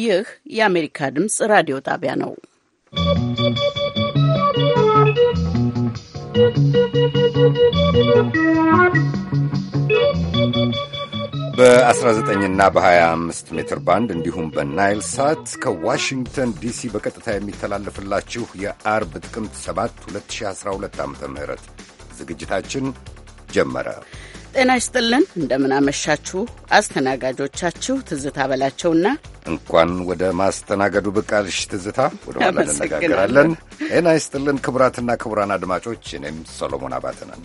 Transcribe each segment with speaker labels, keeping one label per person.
Speaker 1: ይህ የአሜሪካ ድምፅ ራዲዮ ጣቢያ ነው።
Speaker 2: በ19 እና በ25 ሜትር ባንድ እንዲሁም በናይል ሳት ከዋሽንግተን ዲሲ በቀጥታ የሚተላለፍላችሁ የአርብ ጥቅምት 7 2012 ዓ ም ዝግጅታችን ጀመረ።
Speaker 1: ጤና ይስጥልን። እንደምናመሻችሁ። አስተናጋጆቻችሁ ትዝታ በላቸውና
Speaker 2: እንኳን ወደ ማስተናገዱ ብቃልሽ ትዝታ። ወደ ኋላ እንነጋገራለን። ጤና ይስጥልን ክቡራትና ክቡራን አድማጮች፣ እኔም ሰሎሞን አባተ ነን።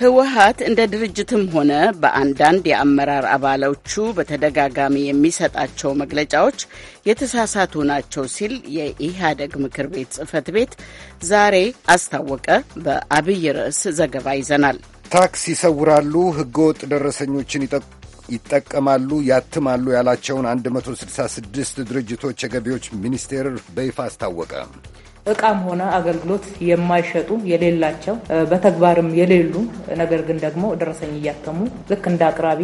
Speaker 1: ህወሀት እንደ ድርጅትም ሆነ በአንዳንድ የአመራር አባሎቹ በተደጋጋሚ የሚሰጣቸው መግለጫዎች የተሳሳቱ ናቸው ሲል የኢህአደግ ምክር ቤት ጽህፈት ቤት ዛሬ አስታወቀ። በአብይ ርዕስ ዘገባ ይዘናል።
Speaker 2: ታክስ ይሰውራሉ፣ ህገወጥ ደረሰኞችን ይጠቀማሉ፣ ያትማሉ ያላቸውን 166 ድርጅቶች የገቢዎች ሚኒስቴር በይፋ አስታወቀ።
Speaker 3: እቃም ሆነ አገልግሎት የማይሸጡ የሌላቸው በተግባርም የሌሉ ነገር ግን ደግሞ ደረሰኝ እያተሙ ልክ እንደ አቅራቢ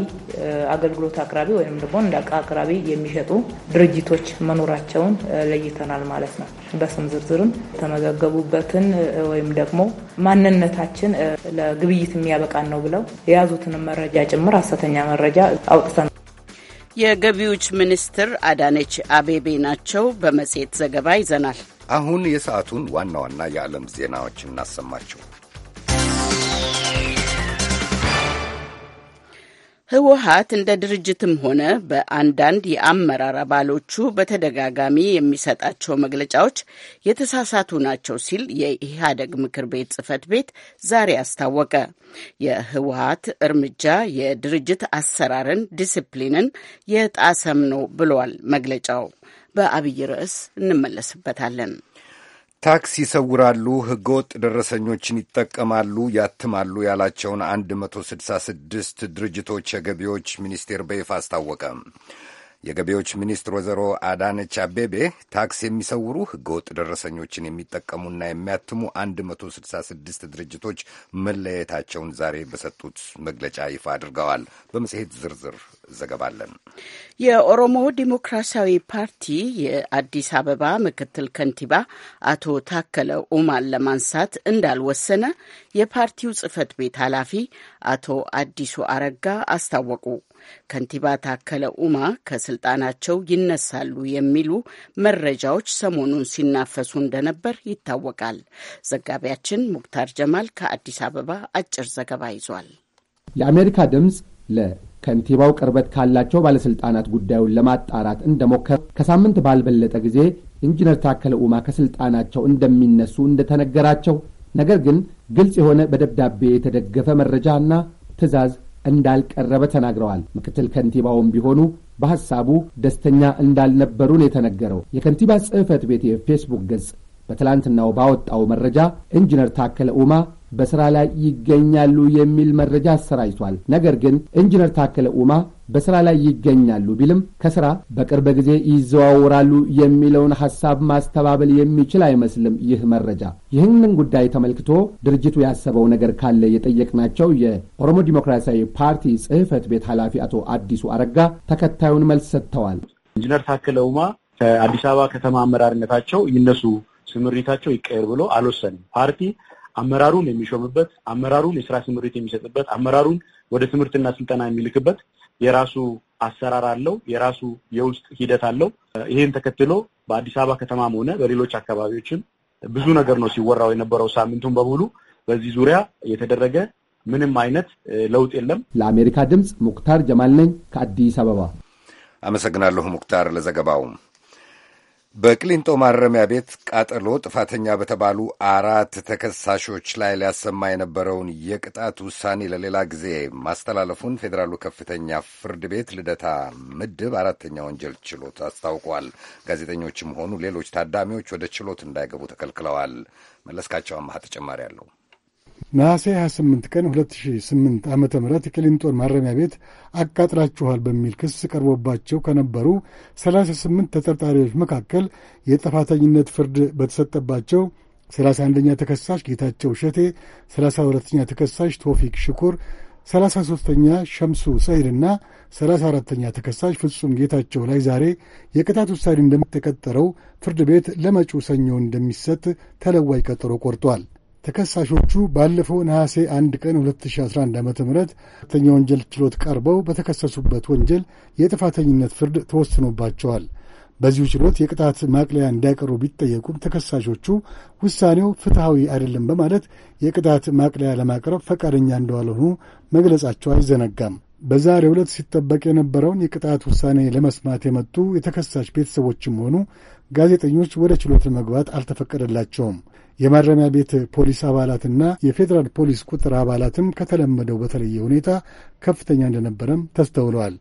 Speaker 3: አገልግሎት አቅራቢ ወይም ደግሞ እንደ እቃ አቅራቢ የሚሸጡ ድርጅቶች መኖራቸውን ለይተናል ማለት ነው። በስም ዝርዝርም የተመዘገቡበትን ወይም ደግሞ ማንነታችን ለግብይት የሚያበቃን ነው ብለው የያዙትንም መረጃ ጭምር ሐሰተኛ መረጃ አውጥተን
Speaker 1: የገቢዎች ሚኒስትር አዳነች አቤቤ ናቸው። በመጽሔት ዘገባ ይዘናል።
Speaker 2: አሁን የሰዓቱን ዋና ዋና የዓለም ዜናዎች እናሰማችሁ።
Speaker 1: ህወሀት እንደ ድርጅትም ሆነ በአንዳንድ የአመራር አባሎቹ በተደጋጋሚ የሚሰጣቸው መግለጫዎች የተሳሳቱ ናቸው ሲል የኢህአደግ ምክር ቤት ጽህፈት ቤት ዛሬ አስታወቀ። የህወሀት እርምጃ የድርጅት አሰራርን፣ ዲስፕሊንን የጣሰም ነው ብሏል መግለጫው። በአብይ ርዕስ እንመለስበታለን።
Speaker 2: ታክስ ይሰውራሉ፣ ህገወጥ ደረሰኞችን ይጠቀማሉ፣ ያትማሉ ያላቸውን 166 ድርጅቶች የገቢዎች ሚኒስቴር በይፋ አስታወቀ። የገቢዎች ሚኒስትር ወይዘሮ አዳነች አቤቤ ታክስ የሚሰውሩ ህገወጥ ደረሰኞችን የሚጠቀሙና የሚያትሙ 166 ድርጅቶች መለየታቸውን ዛሬ በሰጡት መግለጫ ይፋ አድርገዋል። በመጽሔት ዝርዝር ዘገባለን።
Speaker 1: የኦሮሞ ዲሞክራሲያዊ ፓርቲ የአዲስ አበባ ምክትል ከንቲባ አቶ ታከለ ኡማን ለማንሳት እንዳልወሰነ የፓርቲው ጽህፈት ቤት ኃላፊ አቶ አዲሱ አረጋ አስታወቁ። ከንቲባ ታከለ ኡማ ከስልጣናቸው ይነሳሉ የሚሉ መረጃዎች ሰሞኑን ሲናፈሱ እንደነበር ይታወቃል። ዘጋቢያችን ሙክታር ጀማል ከአዲስ አበባ አጭር ዘገባ ይዟል።
Speaker 4: የአሜሪካ ድምፅ ለከንቲባው ቅርበት ካላቸው ባለስልጣናት ጉዳዩን ለማጣራት እንደሞከረ ከሳምንት ባልበለጠ ጊዜ ኢንጂነር ታከለ ኡማ ከስልጣናቸው እንደሚነሱ እንደተነገራቸው ነገር ግን ግልጽ የሆነ በደብዳቤ የተደገፈ መረጃ እና ትዕዛዝ እንዳልቀረበ ተናግረዋል። ምክትል ከንቲባውም ቢሆኑ በሐሳቡ ደስተኛ እንዳልነበሩን የተነገረው የከንቲባ ጽሕፈት ቤት የፌስቡክ ገጽ በትላንትናው ባወጣው መረጃ ኢንጂነር ታከለ ኡማ በስራ ላይ ይገኛሉ የሚል መረጃ አሰራጅቷል። ነገር ግን ኢንጂነር ታከለ ኡማ በስራ ላይ ይገኛሉ ቢልም ከስራ በቅርብ ጊዜ ይዘዋውራሉ የሚለውን ሐሳብ ማስተባበል የሚችል አይመስልም ይህ መረጃ። ይህንን ጉዳይ ተመልክቶ ድርጅቱ ያሰበው ነገር ካለ የጠየቅናቸው የኦሮሞ ዲሞክራሲያዊ ፓርቲ ጽህፈት ቤት ኃላፊ አቶ አዲሱ አረጋ ተከታዩን መልስ ሰጥተዋል።
Speaker 5: ኢንጂነር ታከለ ኡማ ከአዲስ አበባ ከተማ አመራርነታቸው ይነሱ ስምሪታቸው ይቀየር ብሎ አልወሰንም። ፓርቲ አመራሩን የሚሾምበት፣ አመራሩን የስራ ስምሪት የሚሰጥበት፣ አመራሩን ወደ ትምህርትና ስልጠና የሚልክበት የራሱ አሰራር አለው። የራሱ የውስጥ ሂደት አለው። ይህን ተከትሎ በአዲስ አበባ ከተማም ሆነ በሌሎች አካባቢዎችም ብዙ ነገር ነው ሲወራው የነበረው። ሳምንቱን በሙሉ በዚህ
Speaker 4: ዙሪያ የተደረገ ምንም አይነት ለውጥ የለም። ለአሜሪካ ድምፅ ሙክታር ጀማል ነኝ ከአዲስ አበባ።
Speaker 2: አመሰግናለሁ ሙክታር ለዘገባው። በቅሊንጦ ማረሚያ ቤት ቃጠሎ ጥፋተኛ በተባሉ አራት ተከሳሾች ላይ ሊያሰማ የነበረውን የቅጣት ውሳኔ ለሌላ ጊዜ ማስተላለፉን ፌዴራሉ ከፍተኛ ፍርድ ቤት ልደታ ምድብ አራተኛ ወንጀል ችሎት አስታውቋል። ጋዜጠኞችም ሆኑ ሌሎች ታዳሚዎች ወደ ችሎት እንዳይገቡ ተከልክለዋል። መለስካቸው አማሃ ተጨማሪ አለው።
Speaker 6: ነሐሴ 28 ቀን 2008 ዓ ም የቅሊንጦን ማረሚያ ቤት አቃጥላችኋል በሚል ክስ ቀርቦባቸው ከነበሩ 38 ተጠርጣሪዎች መካከል የጥፋተኝነት ፍርድ በተሰጠባቸው 31ኛ ተከሳሽ ጌታቸው ሸቴ፣ 32ኛ ተከሳሽ ቶፊክ ሽኩር፣ 33ኛ ሸምሱ ሰይድና 34 ተኛ ተከሳሽ ፍጹም ጌታቸው ላይ ዛሬ የቅጣት ውሳኔ እንደሚተቀጠረው ፍርድ ቤት ለመጪው ሰኞ እንደሚሰጥ ተለዋጭ ቀጠሮ ቆርጧል። ተከሳሾቹ ባለፈው ነሐሴ አንድ ቀን 2011 ዓ ም ሁለተኛ ወንጀል ችሎት ቀርበው በተከሰሱበት ወንጀል የጥፋተኝነት ፍርድ ተወስኖባቸዋል። በዚሁ ችሎት የቅጣት ማቅለያ እንዲያቀርቡ ቢጠየቁም ተከሳሾቹ ውሳኔው ፍትሐዊ አይደለም በማለት የቅጣት ማቅለያ ለማቅረብ ፈቃደኛ እንደዋለሆኑ መግለጻቸው አይዘነጋም። በዛሬ ዕለት ሲጠበቅ የነበረውን የቅጣት ውሳኔ ለመስማት የመጡ የተከሳሽ ቤተሰቦችም ሆኑ ጋዜጠኞች ወደ ችሎት ለመግባት አልተፈቀደላቸውም። የማረሚያ ቤት ፖሊስ አባላትና የፌዴራል ፖሊስ ቁጥር አባላትም ከተለመደው በተለየ ሁኔታ ከፍተኛ እንደነበረም ተስተውለዋል።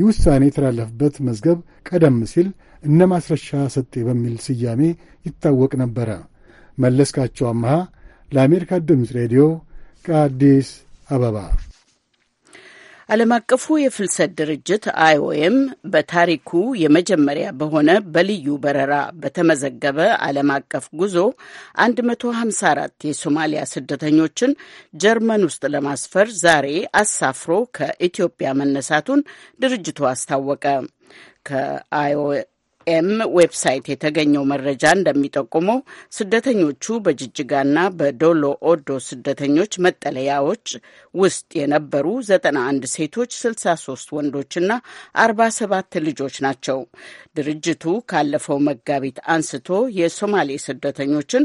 Speaker 6: ይህ ውሳኔ የተላለፈበት መዝገብ ቀደም ሲል እነ ማስረሻ ሰጤ በሚል ስያሜ ይታወቅ ነበረ። መለስካቸው አመሃ ለአሜሪካ ድምፅ ሬዲዮ ከአዲስ አበባ
Speaker 1: ዓለም አቀፉ የፍልሰት ድርጅት አይኦኤም በታሪኩ የመጀመሪያ በሆነ በልዩ በረራ በተመዘገበ ዓለም አቀፍ ጉዞ 154 የሶማሊያ ስደተኞችን ጀርመን ውስጥ ለማስፈር ዛሬ አሳፍሮ ከኢትዮጵያ መነሳቱን ድርጅቱ አስታወቀ። ከአይኦኤም ኤም ዌብሳይት የተገኘው መረጃ እንደሚጠቁመው ስደተኞቹ በጅጅጋና በዶሎ ኦዶ ስደተኞች መጠለያዎች ውስጥ የነበሩ 91 ሴቶች፣ 63 ወንዶችና 47 ልጆች ናቸው። ድርጅቱ ካለፈው መጋቢት አንስቶ የሶማሌ ስደተኞችን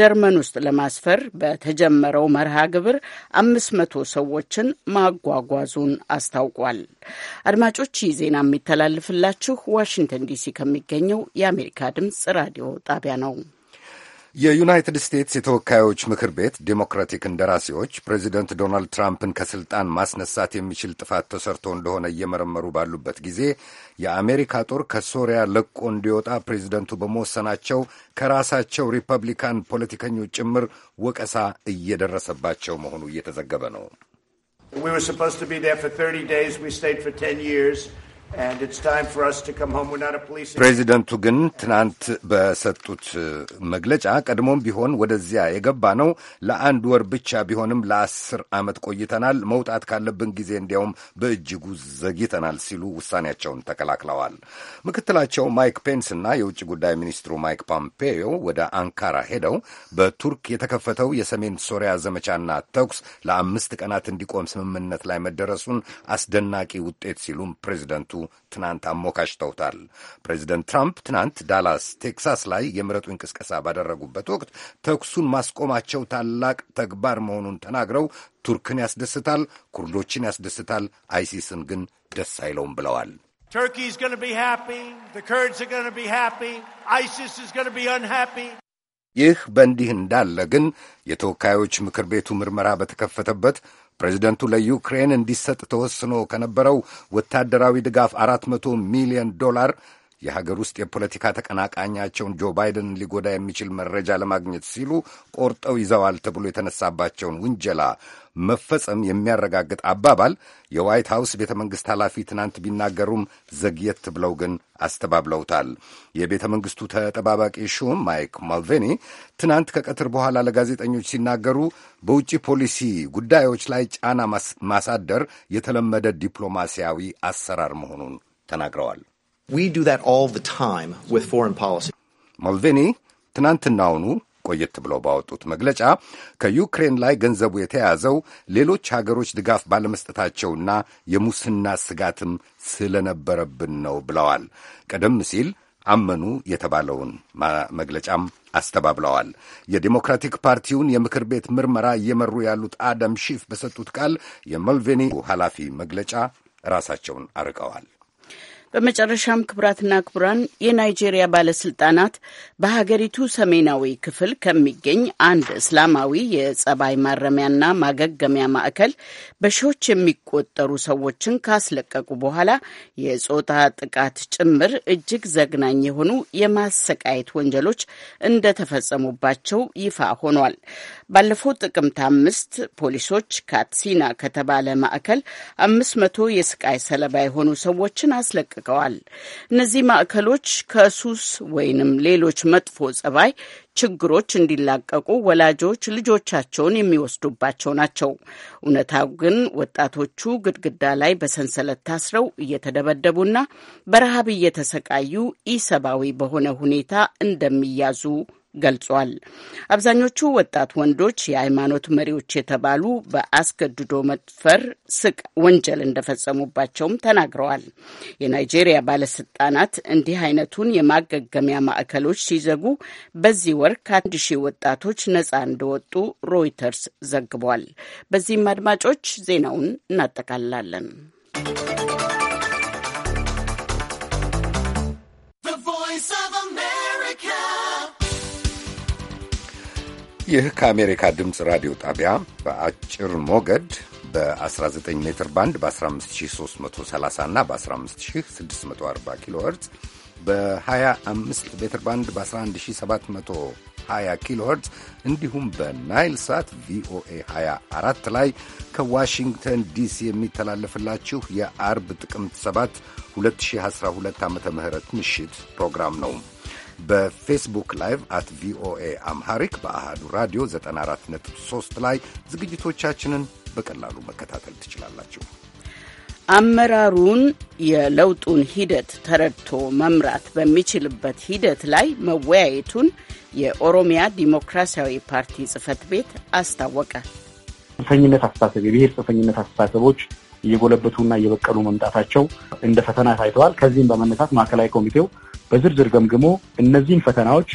Speaker 1: ጀርመን ውስጥ ለማስፈር በተጀመረው መርሃ ግብር 500 ሰዎችን ማጓጓዙን አስታውቋል። አድማጮች ይህ ዜና የሚተላልፍላችሁ ዋሽንግተን ዲሲ ከሚ የሚገኘው የአሜሪካ ድምፅ ራዲዮ ጣቢያ ነው።
Speaker 2: የዩናይትድ ስቴትስ የተወካዮች ምክር ቤት ዴሞክራቲክ እንደራሴዎች ፕሬዚደንት ዶናልድ ትራምፕን ከስልጣን ማስነሳት የሚችል ጥፋት ተሰርቶ እንደሆነ እየመረመሩ ባሉበት ጊዜ የአሜሪካ ጦር ከሶሪያ ለቆ እንዲወጣ ፕሬዚደንቱ በመወሰናቸው ከራሳቸው ሪፐብሊካን ፖለቲከኞች ጭምር ወቀሳ እየደረሰባቸው መሆኑ እየተዘገበ ነው። ፕሬዚደንቱ ግን ትናንት በሰጡት uh, መግለጫ ቀድሞም ቢሆን ወደዚያ የገባ ነው ለአንድ ወር ብቻ ቢሆንም ለአስር ዓመት ቆይተናል። መውጣት ካለብን ጊዜ እንዲያውም በእጅጉ ዘግይተናል ሲሉ ውሳኔያቸውን ተከላክለዋል። ምክትላቸው ማይክ ፔንስ እና የውጭ ጉዳይ ሚኒስትሩ ማይክ ፖምፔዮ ወደ አንካራ ሄደው በቱርክ የተከፈተው የሰሜን ሶሪያ ዘመቻና ተኩስ ለአምስት ቀናት እንዲቆም ስምምነት ላይ መደረሱን አስደናቂ ውጤት ሲሉም ፕሬዚደንቱ ትናንት አሞካሽተውታል። ፕሬዚደንት ትራምፕ ትናንት ዳላስ ቴክሳስ ላይ የምረጡ እንቅስቀሳ ባደረጉበት ወቅት ተኩሱን ማስቆማቸው ታላቅ ተግባር መሆኑን ተናግረው ቱርክን ያስደስታል፣ ኩርዶችን ያስደስታል፣ አይሲስን ግን ደስ አይለውም ብለዋል። ይህ በእንዲህ እንዳለ ግን የተወካዮች ምክር ቤቱ ምርመራ በተከፈተበት ፕሬዚደንቱ ለዩክሬን እንዲሰጥ ተወስኖ ከነበረው ወታደራዊ ድጋፍ አራት መቶ ሚሊዮን ዶላር የሀገር ውስጥ የፖለቲካ ተቀናቃኛቸውን ጆ ባይደን ሊጎዳ የሚችል መረጃ ለማግኘት ሲሉ ቆርጠው ይዘዋል ተብሎ የተነሳባቸውን ውንጀላ መፈጸም የሚያረጋግጥ አባባል የዋይት ሀውስ ቤተ መንግሥት ኃላፊ ትናንት ቢናገሩም ዘግየት ብለው ግን አስተባብለውታል። የቤተ መንግሥቱ ተጠባባቂ ሹም ማይክ ማልቬኒ ትናንት ከቀትር በኋላ ለጋዜጠኞች ሲናገሩ በውጭ ፖሊሲ ጉዳዮች ላይ ጫና ማሳደር የተለመደ ዲፕሎማሲያዊ አሰራር መሆኑን ተናግረዋል። ማልቬኒ ትናንትናውኑ ቆየት ብለው ባወጡት መግለጫ ከዩክሬን ላይ ገንዘቡ የተያዘው ሌሎች ሀገሮች ድጋፍ ባለመስጠታቸውና የሙስና ስጋትም ስለነበረብን ነው ብለዋል። ቀደም ሲል አመኑ የተባለውን መግለጫም አስተባብለዋል። የዲሞክራቲክ ፓርቲውን የምክር ቤት ምርመራ እየመሩ ያሉት አደም ሺፍ በሰጡት ቃል የመልቬኒ ኃላፊ መግለጫ ራሳቸውን
Speaker 1: አርቀዋል። በመጨረሻም ክቡራትና ክቡራን የናይጄሪያ ባለስልጣናት በሀገሪቱ ሰሜናዊ ክፍል ከሚገኝ አንድ እስላማዊ የጸባይ ማረሚያና ማገገሚያ ማዕከል በሺዎች የሚቆጠሩ ሰዎችን ካስለቀቁ በኋላ የጾታ ጥቃት ጭምር እጅግ ዘግናኝ የሆኑ የማሰቃየት ወንጀሎች እንደተፈጸሙባቸው ይፋ ሆኗል። ባለፈው ጥቅምት አምስት ፖሊሶች ካትሲና ከተባለ ማዕከል አምስት መቶ የስቃይ ሰለባ የሆኑ ሰዎችን አስለቅቀዋል። እነዚህ ማዕከሎች ከሱስ ወይንም ሌሎች መጥፎ ጸባይ ችግሮች እንዲላቀቁ ወላጆች ልጆቻቸውን የሚወስዱባቸው ናቸው። እውነታው ግን ወጣቶቹ ግድግዳ ላይ በሰንሰለት ታስረው እየተደበደቡና በረሃብ እየተሰቃዩ ኢሰብአዊ በሆነ ሁኔታ እንደሚያዙ ገልጿል። አብዛኞቹ ወጣት ወንዶች የሃይማኖት መሪዎች የተባሉ በአስገድዶ መድፈር ስቅ ወንጀል እንደፈጸሙባቸውም ተናግረዋል። የናይጄሪያ ባለስልጣናት እንዲህ አይነቱን የማገገሚያ ማዕከሎች ሲዘጉ በዚህ ወር ከአንድ ሺህ ወጣቶች ነጻ እንደወጡ ሮይተርስ ዘግቧል። በዚህም አድማጮች ዜናውን እናጠቃልላለን።
Speaker 2: ይህ ከአሜሪካ ድምፅ ራዲዮ ጣቢያ በአጭር ሞገድ በ19 ሜትር ባንድ በ15330 እና በ15640 ኪሎ ኸርትዝ በ25 ሜትር ባንድ በ11720 ኪሎ ኸርትዝ እንዲሁም በናይል ሳት ቪኦኤ 24 ላይ ከዋሽንግተን ዲሲ የሚተላለፍላችሁ የአርብ ጥቅምት 7 2012 ዓ ም ምሽት ፕሮግራም ነው። በፌስቡክ ላይቭ አት ቪኦኤ አምሃሪክ በአሃዱ ራዲዮ 94.3 ላይ
Speaker 1: ዝግጅቶቻችንን በቀላሉ መከታተል
Speaker 2: ትችላላችሁ።
Speaker 1: አመራሩን የለውጡን ሂደት ተረድቶ መምራት በሚችልበት ሂደት ላይ መወያየቱን የኦሮሚያ ዲሞክራሲያዊ ፓርቲ ጽህፈት ቤት አስታወቀ።
Speaker 5: ጽንፈኝነት አስተሳሰብ የብሔር ጽንፈኝነት አስተሳሰቦች እየጎለበቱና እየበቀሉ መምጣታቸው እንደ ፈተና ታይተዋል። ከዚህም በመነሳት ማዕከላዊ ኮሚቴው በዝርዝር ገምግሞ እነዚህን ፈተናዎች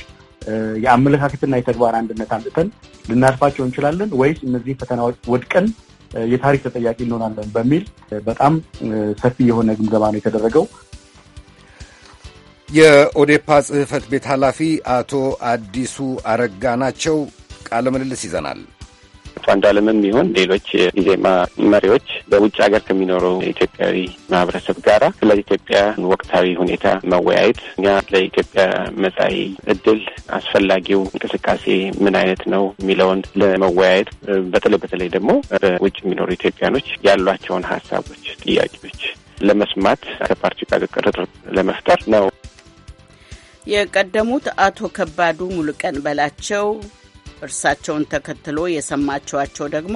Speaker 5: የአመለካከትና የተግባር አንድነት አምጥተን ልናልፋቸው እንችላለን ወይስ እነዚህን ፈተናዎች ወድቀን የታሪክ ተጠያቂ እንሆናለን በሚል በጣም ሰፊ የሆነ ግምገማ ነው የተደረገው።
Speaker 2: የኦዴፓ ጽህፈት ቤት ኃላፊ አቶ አዲሱ አረጋ ናቸው። ቃለ ምልልስ ይዘናል።
Speaker 5: አቶ አንዱዓለምም
Speaker 7: ይሁን ሌሎች ኢዜማ መሪዎች በውጭ ሀገር ከሚኖሩ ኢትዮጵያዊ ማህበረሰብ ጋር ስለ ኢትዮጵያ ወቅታዊ ሁኔታ መወያየት እኛ ለኢትዮጵያ መጻኢ እድል አስፈላጊው እንቅስቃሴ ምን አይነት ነው የሚለውን ለመወያየት በተለይ በተለይ ደግሞ በውጭ የሚኖሩ ኢትዮጵያኖች ያሏቸውን ሀሳቦች፣ ጥያቄዎች ለመስማት ከፓርቲ ጋር ቅርርብ ለመፍጠር ነው።
Speaker 1: የቀደሙት አቶ ከባዱ ሙሉቀን በላቸው እርሳቸውን ተከትሎ የሰማችኋቸው ደግሞ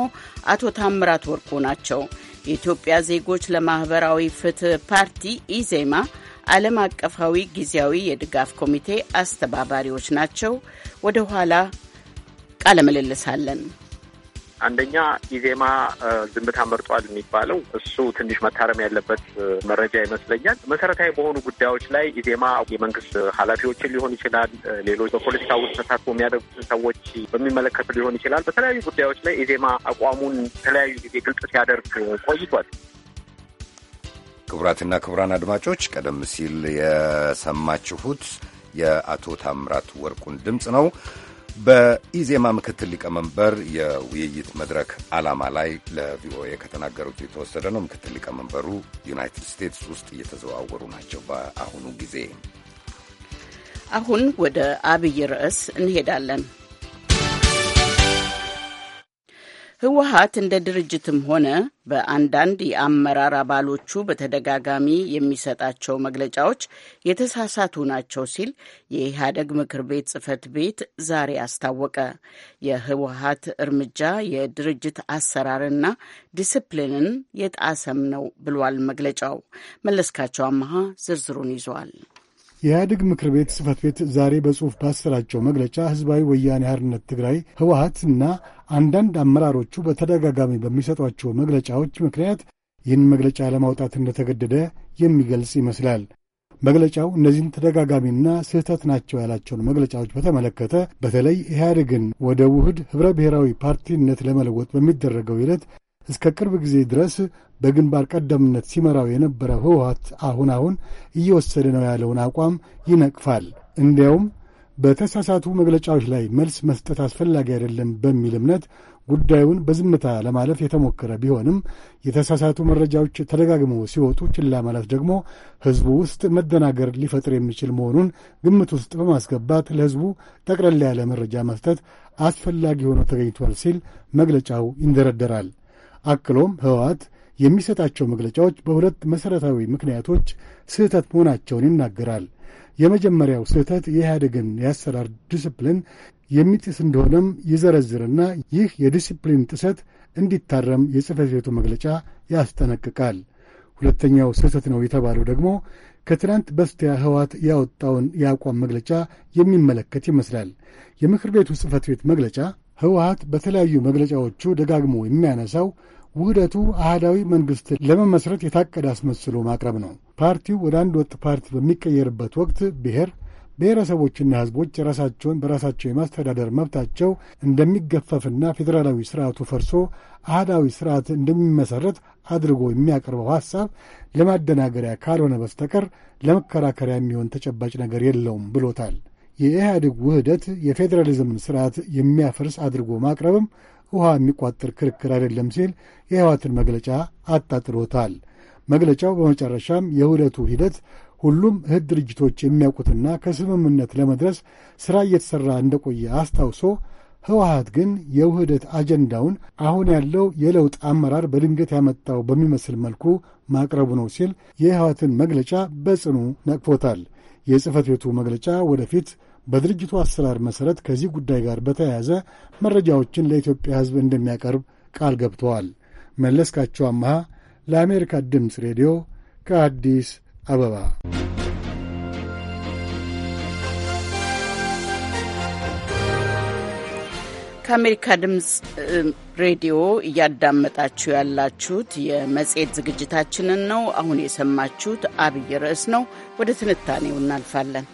Speaker 1: አቶ ታምራት ወርቁ ናቸው። የኢትዮጵያ ዜጎች ለማህበራዊ ፍትህ ፓርቲ ኢዜማ ዓለም አቀፋዊ ጊዜያዊ የድጋፍ ኮሚቴ አስተባባሪዎች ናቸው። ወደ ኋላ ቃለ ምልልሳለን።
Speaker 8: አንደኛ ኢዜማ ዝምታ መርጧል የሚባለው እሱ ትንሽ መታረም ያለበት መረጃ ይመስለኛል። መሰረታዊ በሆኑ ጉዳዮች ላይ ኢዜማ የመንግስት ኃላፊዎችን ሊሆን ይችላል፣ ሌሎች በፖለቲካ ውስጥ ተሳትፎ የሚያደርጉትን ሰዎች በሚመለከት ሊሆን ይችላል። በተለያዩ ጉዳዮች ላይ ኢዜማ አቋሙን የተለያዩ ጊዜ ግልጽ ሲያደርግ ቆይቷል።
Speaker 2: ክቡራትና ክቡራን አድማጮች ቀደም ሲል የሰማችሁት የአቶ ታምራት ወርቁን ድምፅ ነው። በኢዜማ ምክትል ሊቀመንበር የውይይት መድረክ ዓላማ ላይ ለቪኦኤ ከተናገሩት የተወሰደ ነው። ምክትል ሊቀመንበሩ ዩናይትድ ስቴትስ ውስጥ እየተዘዋወሩ ናቸው በአሁኑ ጊዜ።
Speaker 1: አሁን ወደ አብይ ርዕስ እንሄዳለን። ህወሀት እንደ ድርጅትም ሆነ በአንዳንድ የአመራር አባሎቹ በተደጋጋሚ የሚሰጣቸው መግለጫዎች የተሳሳቱ ናቸው ሲል የኢህአደግ ምክር ቤት ጽህፈት ቤት ዛሬ አስታወቀ። የህወሀት እርምጃ የድርጅት አሰራርና ዲስፕሊንን የጣሰም ነው ብሏል መግለጫው። መለስካቸው አመሃ ዝርዝሩን ይዘዋል።
Speaker 6: የኢህአዴግ ምክር ቤት ጽህፈት ቤት ዛሬ በጽሑፍ ባሰራጨው መግለጫ ህዝባዊ ወያኔ ሓርነት ትግራይ እና አንዳንድ አመራሮቹ በተደጋጋሚ በሚሰጧቸው መግለጫዎች ምክንያት ይህን መግለጫ ለማውጣት እንደተገደደ የሚገልጽ ይመስላል። መግለጫው እነዚህን ተደጋጋሚና ስህተት ናቸው ያላቸውን መግለጫዎች በተመለከተ በተለይ ኢህአዴግን ወደ ውህድ ኅብረ ብሔራዊ ፓርቲነት ለመለወጥ በሚደረገው ሂደት እስከ ቅርብ ጊዜ ድረስ በግንባር ቀደምነት ሲመራው የነበረው ህወሀት አሁን አሁን እየወሰደ ነው ያለውን አቋም ይነቅፋል። እንዲያውም በተሳሳቱ መግለጫዎች ላይ መልስ መስጠት አስፈላጊ አይደለም በሚል እምነት ጉዳዩን በዝምታ ለማለፍ የተሞከረ ቢሆንም የተሳሳቱ መረጃዎች ተደጋግመው ሲወጡ ችላ ማለት ደግሞ ህዝቡ ውስጥ መደናገር ሊፈጥር የሚችል መሆኑን ግምት ውስጥ በማስገባት ለህዝቡ ጠቅለል ያለ መረጃ መስጠት አስፈላጊ ሆኖ ተገኝቷል ሲል መግለጫው ይንደረደራል። አክሎም ህወሓት የሚሰጣቸው መግለጫዎች በሁለት መሠረታዊ ምክንያቶች ስህተት መሆናቸውን ይናገራል። የመጀመሪያው ስህተት የኢህአደግን የአሰራር ዲስፕሊን የሚጥስ እንደሆነም ይዘረዝርና ይህ የዲስፕሊን ጥሰት እንዲታረም የጽፈት ቤቱ መግለጫ ያስጠነቅቃል። ሁለተኛው ስህተት ነው የተባለው ደግሞ ከትናንት በስቲያ ህወሓት ያወጣውን የአቋም መግለጫ የሚመለከት ይመስላል። የምክር ቤቱ ጽፈት ቤት መግለጫ ህወሓት በተለያዩ መግለጫዎቹ ደጋግሞ የሚያነሳው ውህደቱ አህዳዊ መንግሥት ለመመስረት የታቀደ አስመስሎ ማቅረብ ነው። ፓርቲው ወደ አንድ ወጥ ፓርቲ በሚቀየርበት ወቅት ብሔር ብሔረሰቦችና ሕዝቦች ራሳቸውን በራሳቸው የማስተዳደር መብታቸው እንደሚገፈፍና ፌዴራላዊ ስርዓቱ ፈርሶ አህዳዊ ስርዓት እንደሚመሠረት አድርጎ የሚያቀርበው ሐሳብ ለማደናገሪያ ካልሆነ በስተቀር ለመከራከሪያ የሚሆን ተጨባጭ ነገር የለውም ብሎታል። የኢህአዴግ ውህደት የፌዴራሊዝምን ስርዓት የሚያፈርስ አድርጎ ማቅረብም ውሃ የሚቋጠር ክርክር አይደለም ሲል የህዋትን መግለጫ አጣጥሎታል። መግለጫው በመጨረሻም የውህደቱ ሂደት ሁሉም እህት ድርጅቶች የሚያውቁትና ከስምምነት ለመድረስ ሥራ እየተሠራ እንደቆየ አስታውሶ ህወሀት ግን የውህደት አጀንዳውን አሁን ያለው የለውጥ አመራር በድንገት ያመጣው በሚመስል መልኩ ማቅረቡ ነው ሲል የህዋትን መግለጫ በጽኑ ነቅፎታል። የጽህፈት ቤቱ መግለጫ ወደፊት በድርጅቱ አሰራር መሠረት ከዚህ ጉዳይ ጋር በተያያዘ መረጃዎችን ለኢትዮጵያ ሕዝብ እንደሚያቀርብ ቃል ገብተዋል። መለስካቸው አመሃ ለአሜሪካ ድምፅ ሬዲዮ ከአዲስ አበባ
Speaker 1: ከአሜሪካ ድምፅ ሬዲዮ እያዳመጣችሁ ያላችሁት የመጽሔት ዝግጅታችንን ነው። አሁን የሰማችሁት አብይ ርዕስ ነው። ወደ ትንታኔው እናልፋለን።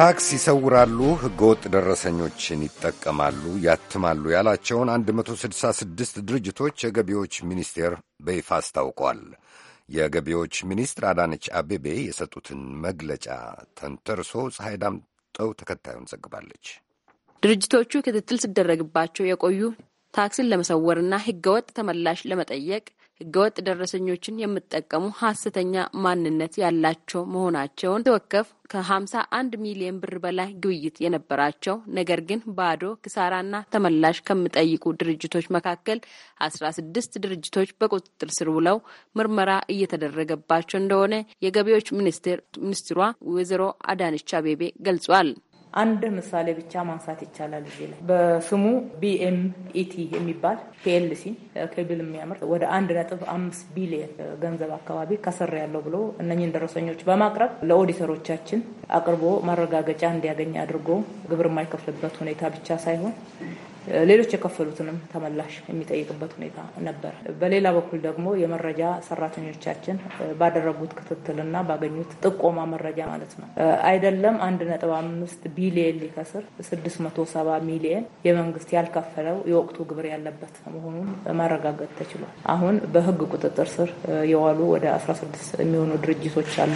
Speaker 2: ታክስ ይሰውራሉ፣ ህገወጥ ደረሰኞችን ይጠቀማሉ፣ ያትማሉ ያላቸውን 166 ድርጅቶች የገቢዎች ሚኒስቴር በይፋ አስታውቋል። የገቢዎች ሚኒስትር አዳነች አቤቤ የሰጡትን መግለጫ ተንተርሶ ፀሐይ ዳምጠው ተከታዩን ዘግባለች።
Speaker 9: ድርጅቶቹ ክትትል ሲደረግባቸው የቆዩ ታክስን ለመሰወርና ህገወጥ ተመላሽ ለመጠየቅ ህገወጥ ደረሰኞችን የምጠቀሙ ሀሰተኛ ማንነት ያላቸው መሆናቸውን ተወከፍ ከ አንድ ሚሊዮን ብር በላይ ግብይት የነበራቸው ነገር ግን ባዶ ክሳራና ተመላሽ ከሚጠይቁ ድርጅቶች መካከል አስራ ስድስት ድርጅቶች በቁጥጥር ስር ውለው ምርመራ እየተደረገባቸው እንደሆነ የገቢዎች ሚኒስቴር ሚኒስትሯ ወይዘሮ አዳነች አቤቤ ገልጿል።
Speaker 3: አንድ ምሳሌ ብቻ ማንሳት ይቻላል። እዚህ ላይ በስሙ ቢኤምኢቲ የሚባል ፒኤልሲ ኬብል የሚያመርት ወደ አንድ ነጥብ አምስት ቢሊየን ገንዘብ አካባቢ ከስር ያለው ብሎ እነኝን ደረሰኞች በማቅረብ ለኦዲተሮቻችን አቅርቦ ማረጋገጫ እንዲያገኝ አድርጎ ግብር የማይከፍልበት ሁኔታ ብቻ ሳይሆን ሌሎች የከፈሉትንም ተመላሽ የሚጠይቅበት ሁኔታ ነበር። በሌላ በኩል ደግሞ የመረጃ ሰራተኞቻችን ባደረጉት ክትትልና ባገኙት ጥቆማ መረጃ ማለት ነው አይደለም አንድ ነጥብ አምስት ቢሊየን ሊከስር ስድስት መቶ ሰባ ሚሊየን የመንግስት ያልከፈለው የወቅቱ ግብር ያለበት መሆኑን ማረጋገጥ ተችሏል። አሁን በህግ ቁጥጥር ስር የዋሉ ወደ 16 የሚሆኑ ድርጅቶች አሉ።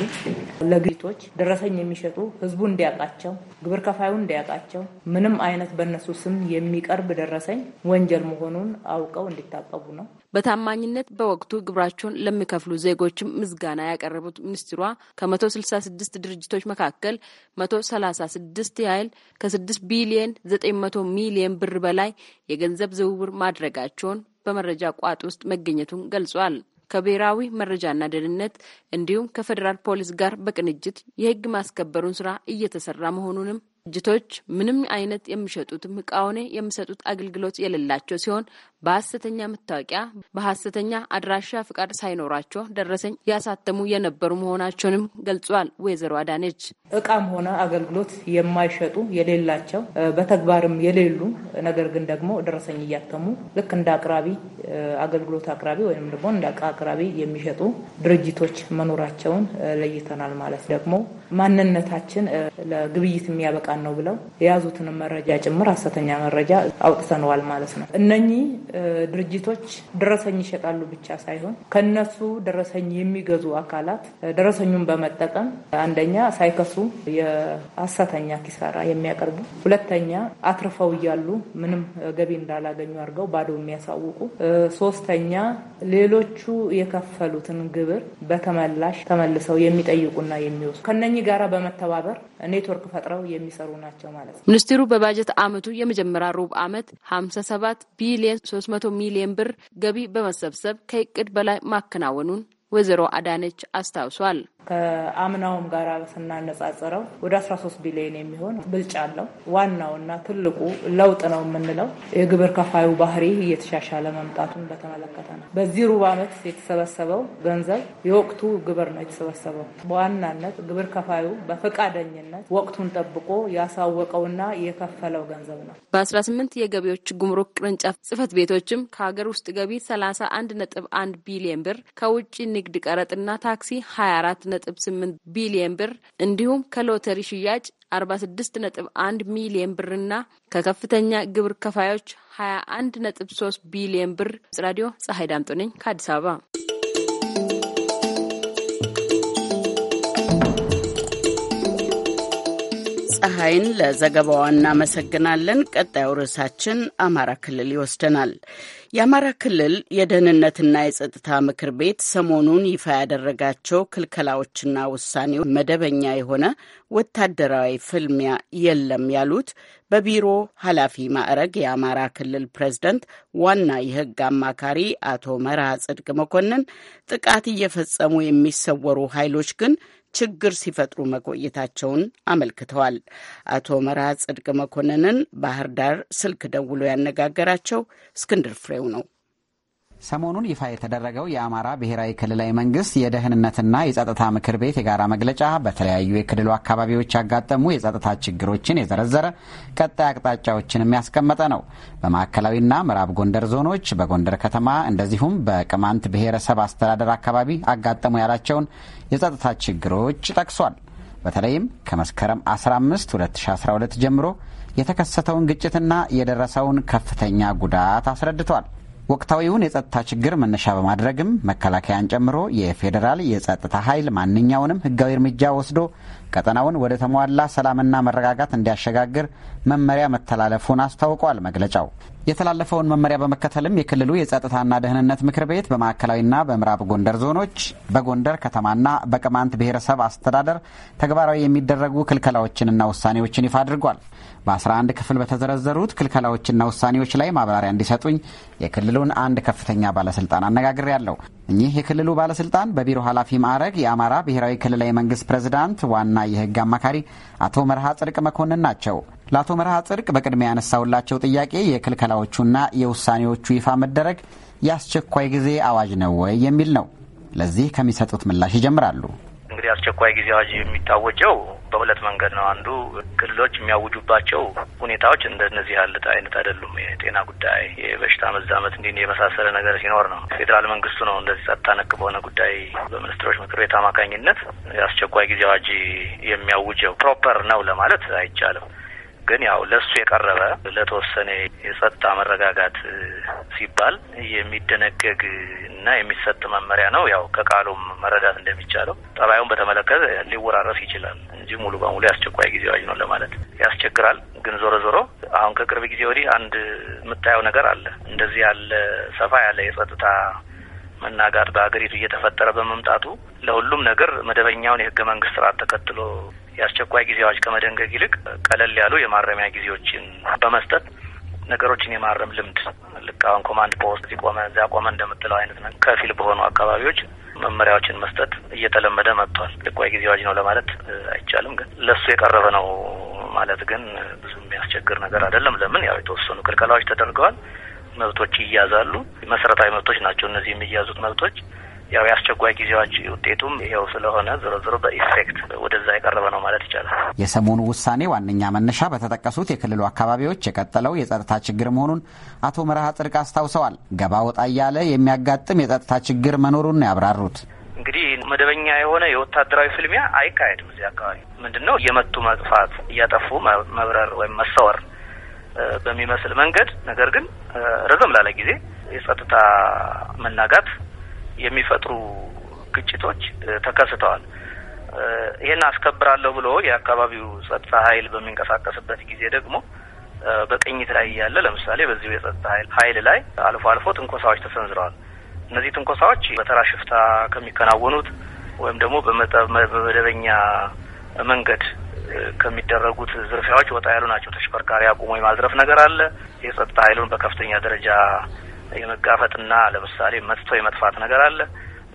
Speaker 3: ለግጅቶች ደረሰኝ የሚሸጡ ህዝቡ እንዲያውቃቸው፣ ግብር ከፋዩ እንዲያውቃቸው ምንም አይነት በእነሱ ስም የሚቀርብ ቅርብ ደረሰኝ ወንጀል መሆኑን አውቀው እንዲታቀቡ ነው።
Speaker 9: በታማኝነት በወቅቱ ግብራቸውን ለሚከፍሉ ዜጎችም ምስጋና ያቀረቡት ሚኒስትሯ ከ166 ድርጅቶች መካከል 136 ያህል ከ6 ቢሊየን 900 ሚሊየን ብር በላይ የገንዘብ ዝውውር ማድረጋቸውን በመረጃ ቋጥ ውስጥ መገኘቱን ገልጿል። ከብሔራዊ መረጃና ደህንነት እንዲሁም ከፌዴራል ፖሊስ ጋር በቅንጅት የሕግ ማስከበሩን ስራ እየተሰራ መሆኑንም ድርጅቶች ምንም አይነት የሚሸጡትም ዕቃ የሚሰጡት አገልግሎት የሌላቸው ሲሆን በሀሰተኛ መታወቂያ በሀሰተኛ አድራሻ ፍቃድ ሳይኖራቸው ደረሰኝ ያሳተሙ የነበሩ መሆናቸውንም ገልጿል። ወይዘሮ አዳነች
Speaker 3: እቃም ሆነ አገልግሎት የማይሸጡ የሌላቸው፣ በተግባርም የሌሉ ነገር ግን ደግሞ ደረሰኝ እያተሙ ልክ እንደ አቅራቢ አገልግሎት አቅራቢ ወይም ደግሞ እንደ ዕቃ አቅራቢ የሚሸጡ ድርጅቶች መኖራቸውን ለይተናል። ማለት ደግሞ ማንነታችን ለግብይት የሚያበቃ እያወጣን ነው ብለው የያዙትንም መረጃ ጭምር ሀሰተኛ መረጃ አውጥተነዋል ማለት ነው። እነኚህ ድርጅቶች ደረሰኝ ይሸጣሉ ብቻ ሳይሆን ከነሱ ደረሰኝ የሚገዙ አካላት ደረሰኙን በመጠቀም አንደኛ ሳይከሱ የሀሰተኛ ኪሳራ የሚያቀርቡ፣ ሁለተኛ አትርፈው እያሉ ምንም ገቢ እንዳላገኙ አድርገው ባዶ የሚያሳውቁ፣ ሶስተኛ ሌሎቹ የከፈሉትን ግብር በተመላሽ ተመልሰው የሚጠይቁና የሚወስዱ ከነኚህ ጋራ በመተባበር ኔትወርክ ፈጥረው የሚሰሩ የሚሰሩ ናቸው ማለት ነው።
Speaker 9: ሚኒስትሩ በባጀት አመቱ የመጀመሪያ ሩብ አመት ሀምሳ ሰባት ቢሊየን ሶስት መቶ ሚሊየን ብር ገቢ በመሰብሰብ ከእቅድ በላይ ማከናወኑን ወይዘሮ አዳነች አስታውሷል።
Speaker 3: ከአምናውም ጋር ስናነጻጽረው ወደ 13 ቢሊዮን የሚሆን ብልጫ አለው። ዋናውና ትልቁ ለውጥ ነው የምንለው የግብር ከፋዩ ባህሪ እየተሻሻለ መምጣቱን በተመለከተ ነው። በዚህ ሩብ ዓመት የተሰበሰበው ገንዘብ የወቅቱ ግብር ነው የተሰበሰበው። በዋናነት ግብር ከፋዩ በፈቃደኝነት ወቅቱን ጠብቆ ያሳወቀውና የከፈለው ገንዘብ ነው።
Speaker 9: በ18 የገቢዎች ጉምሩክ ቅርንጫፍ ጽህፈት ቤቶችም ከሀገር ውስጥ ገቢ 31.1 ቢሊዮን ብር ከውጭ ንግድ ቀረጥና ታክሲ 24 ነጥብ ስምንት ቢሊየን ብር እንዲሁም ከሎተሪ ሽያጭ አርባ ስድስት ነጥብ አንድ ሚሊየን ብርና ከከፍተኛ ግብር ከፋዮች ሀያ አንድ ነጥብ ሶስት ቢሊየን ብር። ራዲዮ ፀሐይ ዳምጦ ነኝ ከአዲስ አበባ
Speaker 1: ፀሐይን ለዘገባዋ እናመሰግናለን። ቀጣዩ ርዕሳችን አማራ ክልል ይወስደናል። የአማራ ክልል የደህንነትና የጸጥታ ምክር ቤት ሰሞኑን ይፋ ያደረጋቸው ክልከላዎችና ውሳኔው መደበኛ የሆነ ወታደራዊ ፍልሚያ የለም ያሉት በቢሮ ኃላፊ ማዕረግ የአማራ ክልል ፕሬዝደንት ዋና የሕግ አማካሪ አቶ መርሃ ጽድቅ መኮንን ጥቃት እየፈጸሙ የሚሰወሩ ኃይሎች ግን ችግር ሲፈጥሩ መቆየታቸውን አመልክተዋል። አቶ መርሃ ጽድቅ መኮንንን ባህር ዳር ስልክ ደውሎ ያነጋገራቸው እስክንድር ፍሬው ነው።
Speaker 10: ሰሞኑን ይፋ የተደረገው የአማራ ብሔራዊ ክልላዊ መንግስት የደህንነትና የጸጥታ ምክር ቤት የጋራ መግለጫ በተለያዩ የክልሉ አካባቢዎች ያጋጠሙ የጸጥታ ችግሮችን የዘረዘረ ቀጣይ አቅጣጫዎችን የሚያስቀመጠ ነው። በማዕከላዊና ምዕራብ ጎንደር ዞኖች በጎንደር ከተማ እንደዚሁም በቅማንት ብሔረሰብ አስተዳደር አካባቢ አጋጠሙ ያላቸውን የጸጥታ ችግሮች ጠቅሷል። በተለይም ከመስከረም 15 2012 ጀምሮ የተከሰተውን ግጭትና የደረሰውን ከፍተኛ ጉዳት አስረድቷል። ወቅታዊውን የጸጥታ ችግር መነሻ በማድረግም መከላከያን ጨምሮ የፌዴራል የጸጥታ ኃይል ማንኛውንም ህጋዊ እርምጃ ወስዶ ቀጠናውን ወደ ተሟላ ሰላምና መረጋጋት እንዲያሸጋግር መመሪያ መተላለፉን አስታውቋል መግለጫው። የተላለፈውን መመሪያ በመከተልም የክልሉ የጸጥታና ደህንነት ምክር ቤት በማዕከላዊና በምዕራብ ጎንደር ዞኖች በጎንደር ከተማና በቅማንት ብሔረሰብ አስተዳደር ተግባራዊ የሚደረጉ ክልከላዎችንና ውሳኔዎችን ይፋ አድርጓል። በ11 ክፍል በተዘረዘሩት ክልከላዎችና ውሳኔዎች ላይ ማብራሪያ እንዲሰጡኝ የክልሉን አንድ ከፍተኛ ባለስልጣን አነጋግሬ ያለው። እኚህ የክልሉ ባለስልጣን በቢሮ ኃላፊ ማዕረግ የአማራ ብሔራዊ ክልላዊ መንግስት ፕሬዝዳንት ዋና የህግ አማካሪ አቶ መርሃ ጽድቅ መኮንን ናቸው። ለአቶ መርሃ ጽድቅ በቅድሚያ ያነሳውላቸው ጥያቄ የክልከላዎቹና የውሳኔዎቹ ይፋ መደረግ የአስቸኳይ ጊዜ አዋጅ ነው ወይ የሚል ነው። ለዚህ ከሚሰጡት ምላሽ ይጀምራሉ።
Speaker 11: እንግዲህ አስቸኳይ ጊዜ አዋጅ የሚታወጀው በሁለት መንገድ ነው። አንዱ ክልሎች የሚያውጁባቸው ሁኔታዎች እንደነዚህ ያለት አይነት አይደሉም። የጤና ጉዳይ፣ የበሽታ መዛመት እንዲህ የመሳሰለ ነገር ሲኖር ነው። ፌዴራል መንግስቱ ነው እንደዚህ ጸጥታ ነክ በሆነ ጉዳይ በሚኒስትሮች ምክር ቤት አማካኝነት የአስቸኳይ ጊዜ አዋጅ የሚያውጀው። ፕሮፐር ነው ለማለት አይቻልም። ግን ያው ለሱ የቀረበ ለተወሰነ የጸጥታ መረጋጋት ሲባል የሚደነገግ እና የሚሰጥ መመሪያ ነው። ያው ከቃሉም መረዳት እንደሚቻለው ጠባዩን በተመለከተ ሊወራረስ ይችላል እንጂ ሙሉ በሙሉ የአስቸኳይ ጊዜ አዋጅ ነው ለማለት ያስቸግራል። ግን ዞሮ ዞሮ አሁን ከቅርብ ጊዜ ወዲህ አንድ የምታየው ነገር አለ። እንደዚህ ያለ ሰፋ ያለ የጸጥታ መናጋት በሀገሪቱ እየተፈጠረ በመምጣቱ ለሁሉም ነገር መደበኛውን የህገ መንግስት ስርዓት ተከትሎ የአስቸኳይ ጊዜ አዋጅ ከመደንገግ ይልቅ ቀለል ያሉ የማረሚያ ጊዜዎችን በመስጠት ነገሮችን የማረም ልምድ ልክ አሁን ኮማንድ ፖስት እዚህ ቆመ እዚያ ቆመ እንደምትለው አይነት ከፊል በሆኑ አካባቢዎች መመሪያዎችን መስጠት እየተለመደ መጥቷል። አስቸኳይ ጊዜ አዋጅ ነው ለማለት አይቻልም፣ ግን ለሱ የቀረበ ነው ማለት ግን ብዙ የሚያስቸግር ነገር አይደለም። ለምን ያው የተወሰኑ ክልከላዎች ተደርገዋል። መብቶች ይያዛሉ። መሰረታዊ መብቶች ናቸው እነዚህ የሚያዙት መብቶች ያው የአስቸኳይ ጊዜ ውጤቱም ይኸው ስለሆነ ዝሮ ዝሮ በኢፌክት ወደዛ የቀረበ ነው ማለት ይቻላል።
Speaker 10: የሰሞኑ ውሳኔ ዋነኛ መነሻ በተጠቀሱት የክልሉ አካባቢዎች የቀጠለው የጸጥታ ችግር መሆኑን አቶ መርሃ ጽድቅ አስታውሰዋል። ገባ ወጣ እያለ የሚያጋጥም የጸጥታ ችግር መኖሩን ነው ያብራሩት።
Speaker 11: እንግዲህ መደበኛ የሆነ የወታደራዊ ፍልሚያ አይካሄድም እዚህ አካባቢ። ምንድን ነው እየመቱ መጥፋት፣ እያጠፉ መብረር ወይም መሰወር በሚመስል መንገድ ነገር ግን ረዘም ላለ ጊዜ የጸጥታ መናጋት የሚፈጥሩ ግጭቶች ተከስተዋል። ይህን አስከብራለሁ ብሎ የአካባቢው ጸጥታ ኃይል በሚንቀሳቀስበት ጊዜ ደግሞ በቅኝት ላይ እያለ ለምሳሌ በዚሁ የጸጥታ ኃይል ኃይል ላይ አልፎ አልፎ ትንኮሳዎች ተሰንዝረዋል። እነዚህ ትንኮሳዎች በተራ ሽፍታ ከሚከናወኑት ወይም ደግሞ በመደበኛ መንገድ ከሚደረጉት ዝርፊያዎች ወጣ ያሉ ናቸው። ተሽከርካሪ አቁሞ የማዝረፍ ነገር አለ። የጸጥታ ኃይሉን በከፍተኛ ደረጃ የመጋፈጥና ለምሳሌ መጥቶ የመጥፋት ነገር አለ።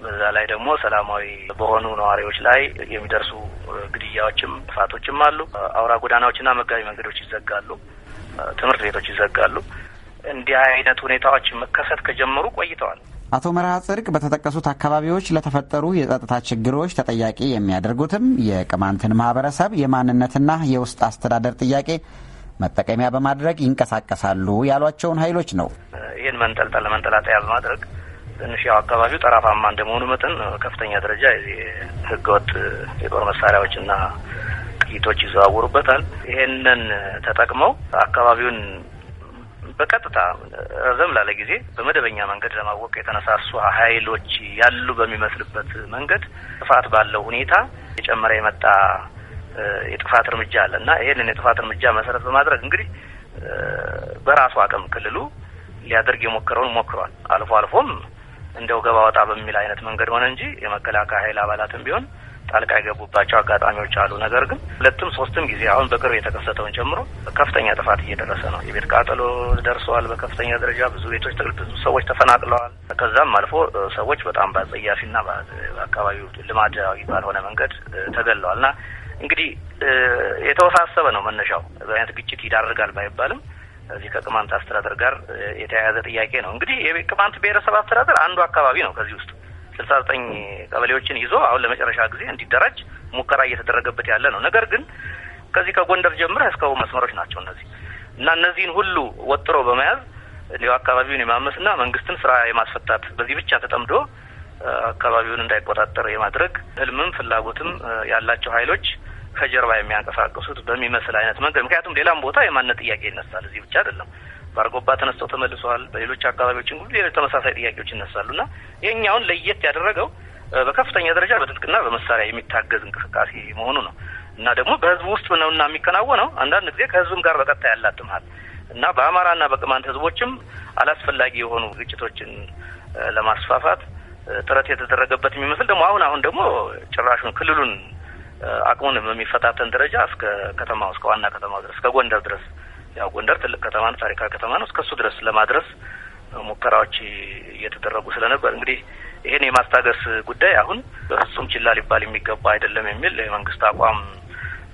Speaker 11: በዛ ላይ ደግሞ ሰላማዊ በሆኑ ነዋሪዎች ላይ የሚደርሱ ግድያዎችም ጥፋቶችም አሉ። አውራ ጎዳናዎችና መጋቢ መንገዶች ይዘጋሉ፣ ትምህርት ቤቶች ይዘጋሉ። እንዲህ አይነት ሁኔታዎች መከሰት ከጀመሩ ቆይተዋል።
Speaker 10: አቶ መርሃ ጽድቅ በተጠቀሱት አካባቢዎች ለተፈጠሩ የጸጥታ ችግሮች ተጠያቂ የሚያደርጉትም የቅማንትን ማህበረሰብ የማንነትና የውስጥ አስተዳደር ጥያቄ መጠቀሚያ በማድረግ ይንቀሳቀሳሉ ያሏቸውን ኃይሎች ነው።
Speaker 11: ይህን መንጠልጠል ያ በማድረግ ትንሽ ያው አካባቢው ጠራፋማ እንደመሆኑ መጠን ከፍተኛ ደረጃ ህገወጥ የጦር መሳሪያዎችና ጥይቶች ይዘዋወሩበታል። ይሄንን ተጠቅመው አካባቢውን በቀጥታ ረዘም ላለ ጊዜ በመደበኛ መንገድ ለማወቅ የተነሳሱ ኃይሎች ያሉ በሚመስልበት መንገድ ስፋት ባለው ሁኔታ የጨመረ የመጣ የጥፋት እርምጃ አለ እና ይሄንን የጥፋት እርምጃ መሰረት በማድረግ እንግዲህ በራሱ አቅም ክልሉ ሊያደርግ የሞከረውን ሞክሯል። አልፎ አልፎም እንደው ገባ ወጣ በሚል አይነት መንገድ ሆነ እንጂ የመከላከያ ኃይል አባላትም ቢሆን ጣልቃ የገቡባቸው አጋጣሚዎች አሉ። ነገር ግን ሁለትም ሶስትም ጊዜ አሁን በቅርብ የተከሰተውን ጨምሮ ከፍተኛ ጥፋት እየደረሰ ነው። የቤት ቃጠሎ ደርሰዋል። በከፍተኛ ደረጃ ብዙ ቤቶች፣ ብዙ ሰዎች ተፈናቅለዋል። ከዛም አልፎ ሰዎች በጣም በጸያፊና በአካባቢው ልማዳዊ ባልሆነ መንገድ ተገለዋል እና እንግዲህ የተወሳሰበ ነው መነሻው። በአይነት ግጭት ይዳርጋል ባይባልም እዚህ ከቅማንት አስተዳደር ጋር የተያያዘ ጥያቄ ነው። እንግዲህ የቅማንት ብሔረሰብ አስተዳደር አንዱ አካባቢ ነው። ከዚህ ውስጥ ስልሳ ዘጠኝ ቀበሌዎችን ይዞ አሁን ለመጨረሻ ጊዜ እንዲደራጅ ሙከራ እየተደረገበት ያለ ነው። ነገር ግን ከዚህ ከጎንደር ጀምረ እስከ መስመሮች ናቸው እነዚህ እና እነዚህን ሁሉ ወጥሮ በመያዝ እንዲሁ አካባቢውን የማመስና መንግስትን ስራ የማስፈታት በዚህ ብቻ ተጠምዶ አካባቢውን እንዳይቆጣጠር የማድረግ ህልምም ፍላጎትም ያላቸው ሀይሎች ከጀርባ የሚያንቀሳቅሱት በሚመስል አይነት መንገድ ምክንያቱም ሌላም ቦታ የማንነት ጥያቄ ይነሳል። እዚህ ብቻ አይደለም። በአርጎባ ተነስተው ተመልሰዋል። በሌሎች አካባቢዎችን ሁሉ ሌሎች ተመሳሳይ ጥያቄዎች ይነሳሉ እና ይህኛውን ለየት ያደረገው በከፍተኛ ደረጃ በትጥቅና በመሳሪያ የሚታገዝ እንቅስቃሴ መሆኑ ነው እና ደግሞ በህዝቡ ውስጥ ነውና የሚከናወነው አንዳንድ ጊዜ ከህዝብም ጋር በቀጥታ ያላጥምሃል እና በአማራና በቅማንት ህዝቦችም አላስፈላጊ የሆኑ ግጭቶችን ለማስፋፋት ጥረት የተደረገበት የሚመስል ደግሞ አሁን አሁን ደግሞ ጭራሹን ክልሉን አቅሙን በሚፈታተን ደረጃ እስከ ከተማው እስከ ዋና ከተማው ድረስ እስከ ጎንደር ድረስ ያው ጎንደር ትልቅ ከተማ ነው፣ ታሪካዊ ከተማ ነው። እስከሱ ድረስ ለማድረስ ሙከራዎች እየተደረጉ ስለነበር እንግዲህ ይሄን የማስታገስ ጉዳይ አሁን በፍጹም ችላ ሊባል የሚገባ አይደለም የሚል የመንግስት አቋም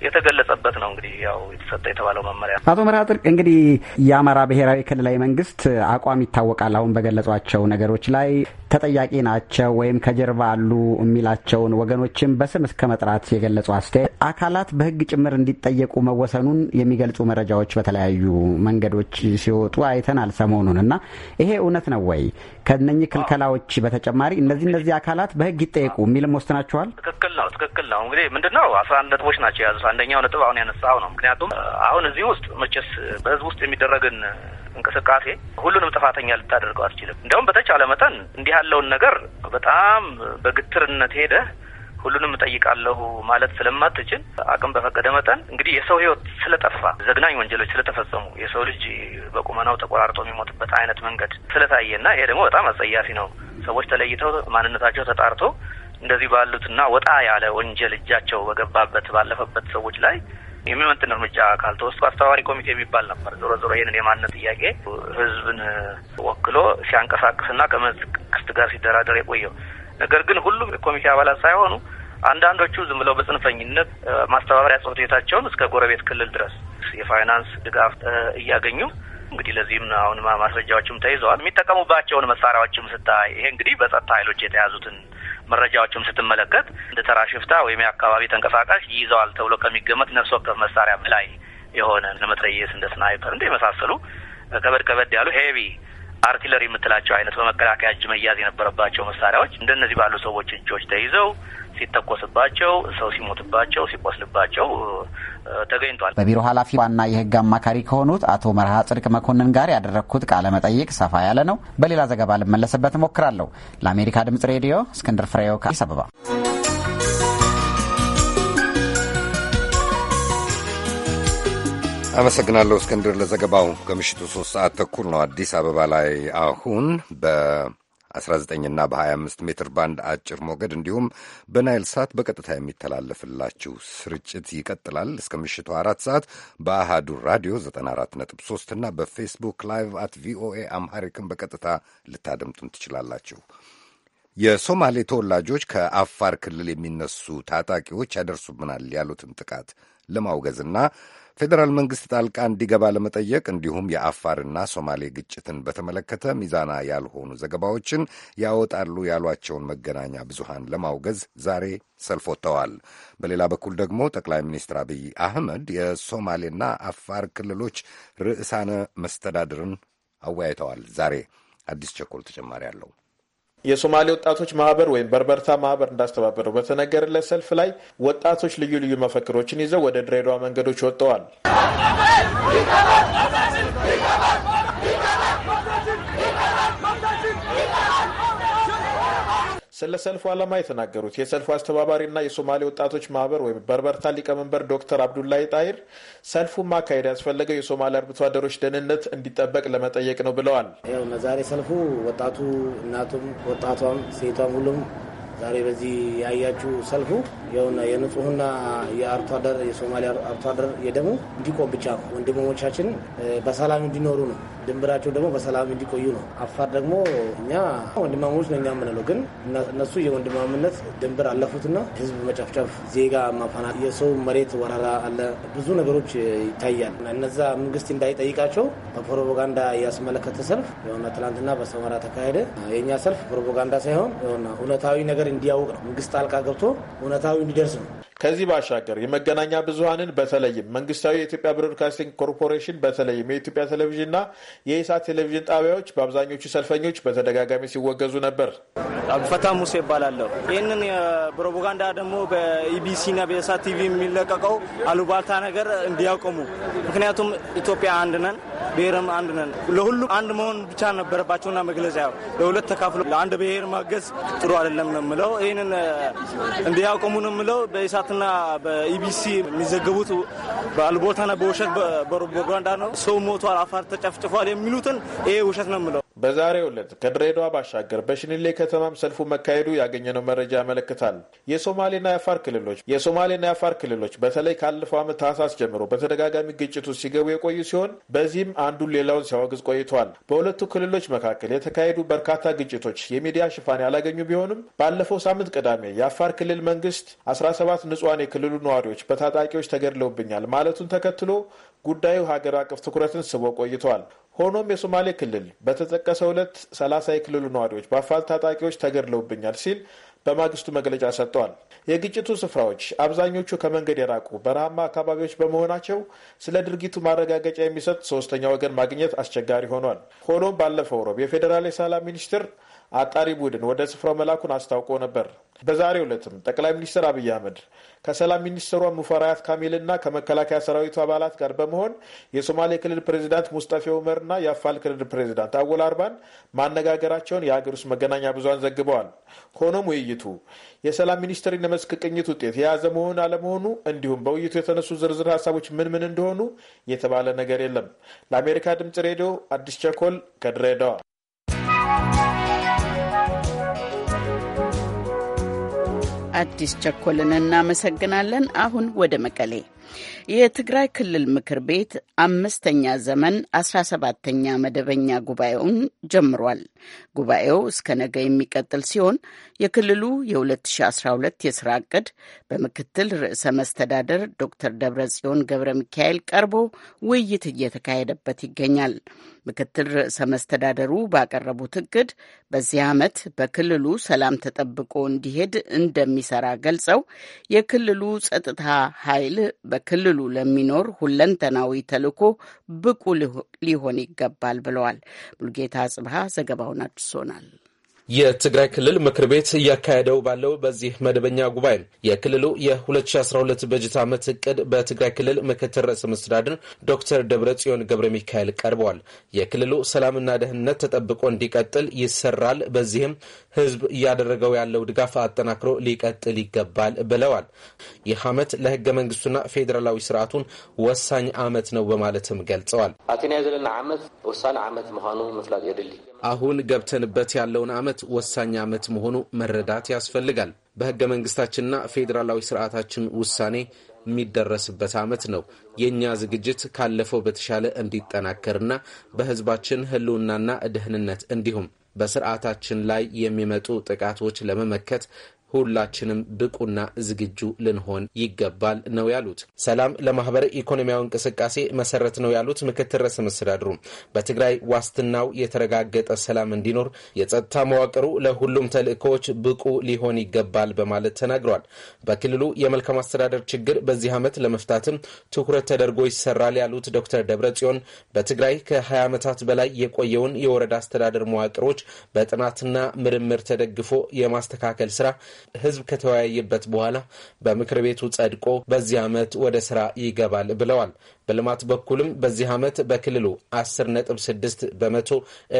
Speaker 11: የተገለጸበት ነው። እንግዲህ ያው የተሰጠ የተባለው መመሪያ
Speaker 10: አቶ መራጥር እንግዲህ የአማራ ብሔራዊ ክልላዊ መንግስት አቋም ይታወቃል። አሁን በገለጿቸው ነገሮች ላይ ተጠያቂ ናቸው ወይም ከጀርባ አሉ የሚላቸውን ወገኖችን በስም እስከ መጥራት የገለጹ አስተያየት አካላት በሕግ ጭምር እንዲጠየቁ መወሰኑን የሚገልጹ መረጃዎች በተለያዩ መንገዶች ሲወጡ አይተናል ሰሞኑን እና ይሄ እውነት ነው ወይ? ከነኚህ ክልከላዎች በተጨማሪ እነዚህ እነዚህ አካላት በሕግ ይጠየቁ የሚልም ወስናችኋል? ትክክል ነው።
Speaker 11: ትክክል ነው። እንግዲህ ምንድን ነው አስራ አንድ ነጥቦች ናቸው የያዙት። አንደኛው ነጥብ አሁን ያነሳው ነው። ምክንያቱም አሁን እዚህ ውስጥ መቼስ በህዝብ ውስጥ የሚደረግን እንቅስቃሴ ሁሉንም ጥፋተኛ ልታደርገው አትችልም። እንዲያውም በተቻለ መጠን እንዲህ ያለውን ነገር በጣም በግትርነት ሄደህ ሁሉንም እጠይቃለሁ ማለት ስለማትችል አቅም በፈቀደ መጠን እንግዲህ የሰው ሕይወት ስለጠፋ ዘግናኝ ወንጀሎች ስለተፈጸሙ የሰው ልጅ በቁመናው ተቆራርጦ የሚሞትበት አይነት መንገድ ስለታየና ይሄ ደግሞ በጣም አጸያፊ ነው። ሰዎች ተለይተው ማንነታቸው ተጣርቶ እንደዚህ ባሉትና ወጣ ያለ ወንጀል እጃቸው በገባበት ባለፈበት ሰዎች ላይ የሚመጥን እርምጃ ካልተወሰደ አስተባባሪ ኮሚቴ የሚባል ነበር። ዞሮ ዞሮ ይህንን የማንነት ጥያቄ ህዝብን ወክሎ ሲያንቀሳቅስና ከመንግስት ጋር ሲደራደር የቆየው ነገር ግን ሁሉም የኮሚቴ አባላት ሳይሆኑ አንዳንዶቹ ዝም ብለው በጽንፈኝነት ማስተባበሪያ ጽሕፈት ቤታቸውን እስከ ጎረቤት ክልል ድረስ የፋይናንስ ድጋፍ እያገኙ እንግዲህ ለዚህም አሁን ማስረጃዎችም ተይዘዋል። የሚጠቀሙባቸውን መሳሪያዎችም ስታይ ይሄ እንግዲህ በጸጥታ ኃይሎች የተያዙትን መረጃዎችም ስትመለከት እንደ ተራ ሽፍታ ወይም የአካባቢ ተንቀሳቃሽ ይይዘዋል ተብሎ ከሚገመት ነፍስ ወከፍ መሳሪያ በላይ የሆነ ለመትረየስ እንደ ስናይፐር፣ እንደ የመሳሰሉ ከበድ ከበድ ያሉ ሄቪ አርቲለሪ የምትላቸው አይነት በመከላከያ እጅ መያዝ የነበረባቸው መሳሪያዎች እንደነዚህ ባሉ ሰዎች እጆች ተይዘው ሲተኮስባቸው፣ ሰው ሲሞትባቸው፣ ሲቆስልባቸው ተገኝቷል። በቢሮ
Speaker 10: ኃላፊ ዋና የህግ አማካሪ ከሆኑት አቶ መርሃ ጽድቅ መኮንን ጋር ያደረግኩት ቃለ መጠይቅ ሰፋ ያለ ነው። በሌላ ዘገባ ልመለስበት እሞክራለሁ። ለአሜሪካ ድምጽ ሬዲዮ እስክንድር ፍሬው ከአዲስ አበባ።
Speaker 2: አመሰግናለሁ እስክንድር ለዘገባው። ከምሽቱ ሶስት ሰዓት ተኩል ነው አዲስ አበባ ላይ። አሁን በ 19ና በ25 ሜትር ባንድ አጭር ሞገድ እንዲሁም በናይል ሳት በቀጥታ የሚተላለፍላችሁ ስርጭት ይቀጥላል እስከ ምሽቱ አራት ሰዓት በአሃዱ ራዲዮ 94.3 እና በፌስቡክ ላይቭ አት ቪኦኤ አምሃሪክን በቀጥታ ልታደምጡን ትችላላችሁ። የሶማሌ ተወላጆች ከአፋር ክልል የሚነሱ ታጣቂዎች ያደርሱብናል ያሉትን ጥቃት ለማውገዝና ፌዴራል መንግስት ጣልቃ እንዲገባ ለመጠየቅ እንዲሁም የአፋርና ሶማሌ ግጭትን በተመለከተ ሚዛና ያልሆኑ ዘገባዎችን ያወጣሉ ያሏቸውን መገናኛ ብዙሃን ለማውገዝ ዛሬ ሰልፍ ወጥተዋል። በሌላ በኩል ደግሞ ጠቅላይ ሚኒስትር አብይ አህመድ የሶማሌና አፋር ክልሎች ርዕሳነ መስተዳድርን አወያይተዋል። ዛሬ አዲስ ቸኮል ተጨማሪ
Speaker 12: አለው። የሶማሌ ወጣቶች ማህበር ወይም በርበርታ ማህበር እንዳስተባበረው በተነገረለት ሰልፍ ላይ ወጣቶች ልዩ ልዩ መፈክሮችን ይዘው ወደ ድሬዳዋ መንገዶች ወጥተዋል። ስለ ሰልፉ ዓላማ የተናገሩት የሰልፉ አስተባባሪና የሶማሌ ወጣቶች ማህበር ወይም በርበርታ ሊቀመንበር ዶክተር አብዱላይ ጣይር ሰልፉ ማካሄድ ያስፈለገው የሶማሌ አርብቶ አደሮች ደህንነት እንዲጠበቅ ለመጠየቅ ነው ብለዋል።
Speaker 13: ዛሬ ሰልፉ ወጣቱ፣ እናቱም፣ ወጣቷም፣ ሴቷም ሁሉም ዛሬ በዚህ ያያችሁ ሰልፉ የሆነ የንጹህና የአርሶ አደር የሶማሌ አርሶ አደር የደሙ እንዲቆም ብቻ ነው። ወንድሞቻችን በሰላም እንዲኖሩ ነው። ድንበራቸው ደግሞ በሰላም እንዲቆዩ ነው። አፋር ደግሞ እኛ ወንድማሞች ነው እኛ የምንለው፣ ግን እነሱ የወንድማምነት ድንበር አለፉትና ህዝብ መጨፍጨፍ፣ ዜጋ ማፋናት፣ የሰው መሬት ወረራ አለ፣ ብዙ ነገሮች ይታያል። እነዛ መንግስት እንዳይጠይቃቸው በፕሮፓጋንዳ ያስመለከተ ሰልፍ የሆነ ትናንትና በሰመራ ተካሄደ። የእኛ ሰልፍ ፕሮፓጋንዳ ሳይሆን የሆነ እውነታዊ ነገር ነገር እንዲያውቅ ነው። መንግስት ጣልቃ ገብቶ እውነታዊ እንዲደርስ
Speaker 12: ነው። ከዚህ ባሻገር የመገናኛ ብዙሀንን በተለይም መንግስታዊ የኢትዮጵያ ብሮድካስቲንግ ኮርፖሬሽን በተለይም የኢትዮጵያ ቴሌቪዥንና የኢሳት ቴሌቪዥን ጣቢያዎች በአብዛኞቹ ሰልፈኞች በተደጋጋሚ ሲወገዙ ነበር። አብፈታ ሙሴ ይባላለሁ። ይህንን የፕሮፓጋንዳ
Speaker 14: ደግሞ በኢቢሲና በኢሳት ቲቪ የሚለቀቀው አሉባልታ ነገር እንዲያቆሙ፣ ምክንያቱም ኢትዮጵያ አንድ ነን፣ ብሔርም አንድ ነን። ለሁሉም አንድ መሆን ብቻ ነበረባቸውና መግለጫ ለሁለት ተካፍሎ ለአንድ ብሔር ማገዝ ጥሩ አይደለም ነው የምለው። ይህንን እንዲያቆሙ ነው የምለው
Speaker 12: በኢሳት በኢሳትና በኢቢሲ የሚዘገቡት በአልቦታና በውሸት በፕሮፓጋንዳ ነው፣ ሰው ሞቷል፣ አፋር ተጨፍጭፏል የሚሉትን ይሄ ውሸት ነው የምለው። በዛሬው ዕለት ከድሬዳዋ ባሻገር በሽኒሌ ከተማም ሰልፉ መካሄዱ ያገኘነው መረጃ ያመለክታል። የሶማሌና የአፋር ክልሎች የሶማሌና የአፋር ክልሎች በተለይ ካለፈው ዓመት ታህሳስ ጀምሮ በተደጋጋሚ ግጭቱ ሲገቡ የቆዩ ሲሆን በዚህም አንዱን ሌላውን ሲያወግዝ ቆይቷል። በሁለቱ ክልሎች መካከል የተካሄዱ በርካታ ግጭቶች የሚዲያ ሽፋን ያላገኙ ቢሆንም ባለፈው ሳምንት ቅዳሜ የአፋር ክልል መንግስት 17 ንጹሐን የክልሉ ነዋሪዎች በታጣቂዎች ተገድለውብኛል ማለቱን ተከትሎ ጉዳዩ ሀገር አቀፍ ትኩረትን ስቦ ቆይቷል። ሆኖም የሶማሌ ክልል በተጠቀሰው ዕለት ሰላሳ የክልሉ ነዋሪዎች በአፋል ታጣቂዎች ተገድለውብኛል ሲል በማግስቱ መግለጫ ሰጥተዋል። የግጭቱ ስፍራዎች አብዛኞቹ ከመንገድ የራቁ በረሃማ አካባቢዎች በመሆናቸው ስለ ድርጊቱ ማረጋገጫ የሚሰጥ ሶስተኛ ወገን ማግኘት አስቸጋሪ ሆኗል። ሆኖም ባለፈው ሮብ የፌዴራል የሰላም ሚኒስትር አጣሪ ቡድን ወደ ስፍራው መላኩን አስታውቆ ነበር። በዛሬው ዕለትም ጠቅላይ ሚኒስትር አብይ አህመድ ከሰላም ሚኒስትሯ ሙፈራያት ካሚልና ከመከላከያ ሰራዊቱ አባላት ጋር በመሆን የሶማሌ ክልል ፕሬዚዳንት ሙስጠፌ ኡመርና የአፋል ክልል ፕሬዚዳንት አወል አርባን ማነጋገራቸውን የሀገር ውስጥ መገናኛ ብዙሃን ዘግበዋል። ሆኖም ውይይቱ የሰላም ሚኒስትርን የመስክ ቅኝት ውጤት የያዘ መሆን አለመሆኑ እንዲሁም በውይይቱ የተነሱ ዝርዝር ሀሳቦች ምን ምን እንደሆኑ የተባለ ነገር የለም። ለአሜሪካ ድምጽ ሬዲዮ አዲስ ቸኮል ከድሬዳዋ
Speaker 1: አዲስ ቸኮልን እናመሰግናለን። አሁን ወደ መቀሌ የትግራይ ክልል ምክር ቤት አምስተኛ ዘመን አስራ ሰባተኛ መደበኛ ጉባኤውን ጀምሯል። ጉባኤው እስከ ነገ የሚቀጥል ሲሆን የክልሉ የ2012 የስራ ዕቅድ በምክትል ርዕሰ መስተዳደር ዶክተር ደብረጽዮን ገብረ ሚካኤል ቀርቦ ውይይት እየተካሄደበት ይገኛል። ምክትል ርዕሰ መስተዳደሩ ባቀረቡት እቅድ በዚህ ዓመት በክልሉ ሰላም ተጠብቆ እንዲሄድ እንደሚሰራ ገልጸው የክልሉ ጸጥታ ኃይል በ በክልሉ ለሚኖር ሁለንተናዊ ተልዕኮ ብቁ ሊሆን ይገባል ብለዋል። ሙልጌታ ጽብሃ ዘገባውን አድርሶናል።
Speaker 15: የትግራይ ክልል ምክር ቤት እያካሄደው ባለው በዚህ መደበኛ ጉባኤ የክልሉ የ2012 በጀት ዓመት እቅድ በትግራይ ክልል ምክትል ርዕሰ መስተዳድር ዶክተር ደብረ ጽዮን ገብረ ሚካኤል ቀርበዋል። የክልሉ ሰላምና ደህንነት ተጠብቆ እንዲቀጥል ይሰራል፣ በዚህም ህዝብ እያደረገው ያለው ድጋፍ አጠናክሮ ሊቀጥል ይገባል ብለዋል። ይህ ዓመት ለህገ መንግስቱና ፌዴራላዊ ስርዓቱን ወሳኝ ዓመት ነው በማለትም ገልጸዋል።
Speaker 8: አቴና ዘለና ዓመት ወሳኝ ዓመት ምዃኑ ምፍላጥ የድል
Speaker 15: አሁን ገብተንበት ያለውን ዓመት ወሳኝ ዓመት መሆኑ መረዳት ያስፈልጋል። በህገ መንግስታችንና ፌዴራላዊ ስርዓታችን ውሳኔ የሚደረስበት ዓመት ነው። የእኛ ዝግጅት ካለፈው በተሻለ እንዲጠናከርና በህዝባችን ህልውናና ደህንነት እንዲሁም በስርዓታችን ላይ የሚመጡ ጥቃቶች ለመመከት ሁላችንም ብቁና ዝግጁ ልንሆን ይገባል ነው ያሉት። ሰላም ለማህበረ ኢኮኖሚያዊ እንቅስቃሴ መሰረት ነው ያሉት ምክትል ርዕሰ መስተዳድሩ በትግራይ ዋስትናው የተረጋገጠ ሰላም እንዲኖር የጸጥታ መዋቅሩ ለሁሉም ተልእኮዎች ብቁ ሊሆን ይገባል በማለት ተናግረዋል። በክልሉ የመልካም አስተዳደር ችግር በዚህ ዓመት ለመፍታትም ትኩረት ተደርጎ ይሰራል ያሉት ዶክተር ደብረ ጽዮን በትግራይ ከ20 ዓመታት በላይ የቆየውን የወረዳ አስተዳደር መዋቅሮች በጥናትና ምርምር ተደግፎ የማስተካከል ስራ ህዝብ ከተወያየበት በኋላ በምክር ቤቱ ጸድቆ በዚህ ዓመት ወደ ስራ ይገባል ብለዋል። በልማት በኩልም በዚህ ዓመት በክልሉ 10.6 በመቶ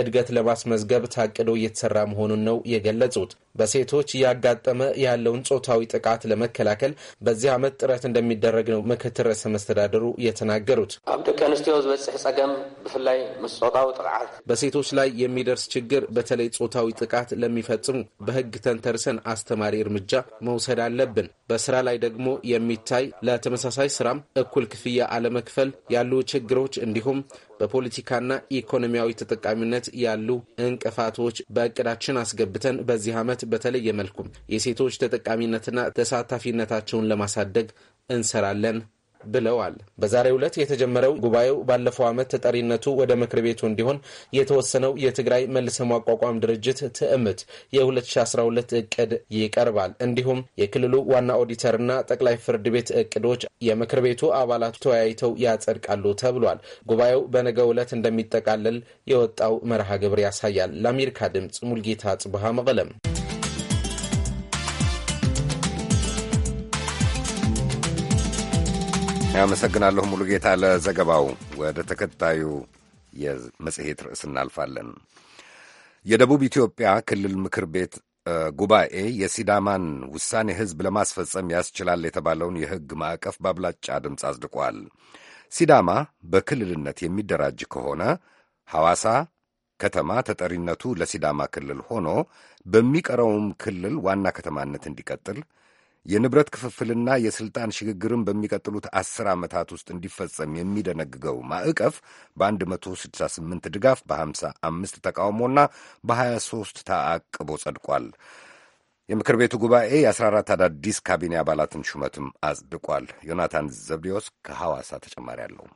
Speaker 15: እድገት ለማስመዝገብ ታቅዶ እየተሰራ መሆኑን ነው የገለጹት። በሴቶች እያጋጠመ ያለውን ጾታዊ ጥቃት ለመከላከል በዚህ ዓመት ጥረት እንደሚደረግ ነው ምክትል ርዕሰ መስተዳደሩ የተናገሩት።
Speaker 13: አብ ደቂ ኣንስትዮ ዝበፅሕ ጸገም ብፍላይ ምስ ጾታዊ ጥቃዓት
Speaker 15: በሴቶች ላይ የሚደርስ ችግር በተለይ ጾታዊ ጥቃት ለሚፈጽሙ በህግ ተንተርሰን አስተማሪ እርምጃ መውሰድ አለብን። በስራ ላይ ደግሞ የሚታይ ለተመሳሳይ ስራም እኩል ክፍያ አለመክፈል ለመክፈል ያሉ ችግሮች እንዲሁም በፖለቲካና ኢኮኖሚያዊ ተጠቃሚነት ያሉ እንቅፋቶች በእቅዳችን አስገብተን በዚህ ዓመት በተለየ መልኩም የሴቶች ተጠቃሚነትና ተሳታፊነታቸውን ለማሳደግ እንሰራለን ብለዋል። በዛሬው ዕለት የተጀመረው ጉባኤው ባለፈው ዓመት ተጠሪነቱ ወደ ምክር ቤቱ እንዲሆን የተወሰነው የትግራይ መልሰ ማቋቋም ድርጅት ትዕምት የ2012 እቅድ ይቀርባል። እንዲሁም የክልሉ ዋና ኦዲተርና ጠቅላይ ፍርድ ቤት እቅዶች የምክር ቤቱ አባላት ተወያይተው ያጸድቃሉ ተብሏል። ጉባኤው በነገው ዕለት እንደሚጠቃለል የወጣው መርሃ ግብር ያሳያል። ለአሜሪካ ድምፅ ሙልጌታ
Speaker 2: ጽቡሃ መቀለም አመሰግናለሁ ሙሉጌታ ለዘገባው። ወደ ተከታዩ የመጽሔት ርዕስ እናልፋለን። የደቡብ ኢትዮጵያ ክልል ምክር ቤት ጉባኤ የሲዳማን ውሳኔ ሕዝብ ለማስፈጸም ያስችላል የተባለውን የሕግ ማዕቀፍ በአብላጫ ድምፅ አጽድቋል። ሲዳማ በክልልነት የሚደራጅ ከሆነ ሐዋሳ ከተማ ተጠሪነቱ ለሲዳማ ክልል ሆኖ በሚቀረውም ክልል ዋና ከተማነት እንዲቀጥል የንብረት ክፍፍልና የስልጣን ሽግግርን በሚቀጥሉት አስር ዓመታት ውስጥ እንዲፈጸም የሚደነግገው ማዕቀፍ በ168 ድጋፍ በ55 ተቃውሞና በ23 ተዓቅቦ ጸድቋል። የምክር ቤቱ ጉባኤ የ14 አዳዲስ ካቢኔ አባላትን ሹመትም አጽድቋል። ዮናታን ዘብዴዎስ ከሐዋሳ ተጨማሪ አለው።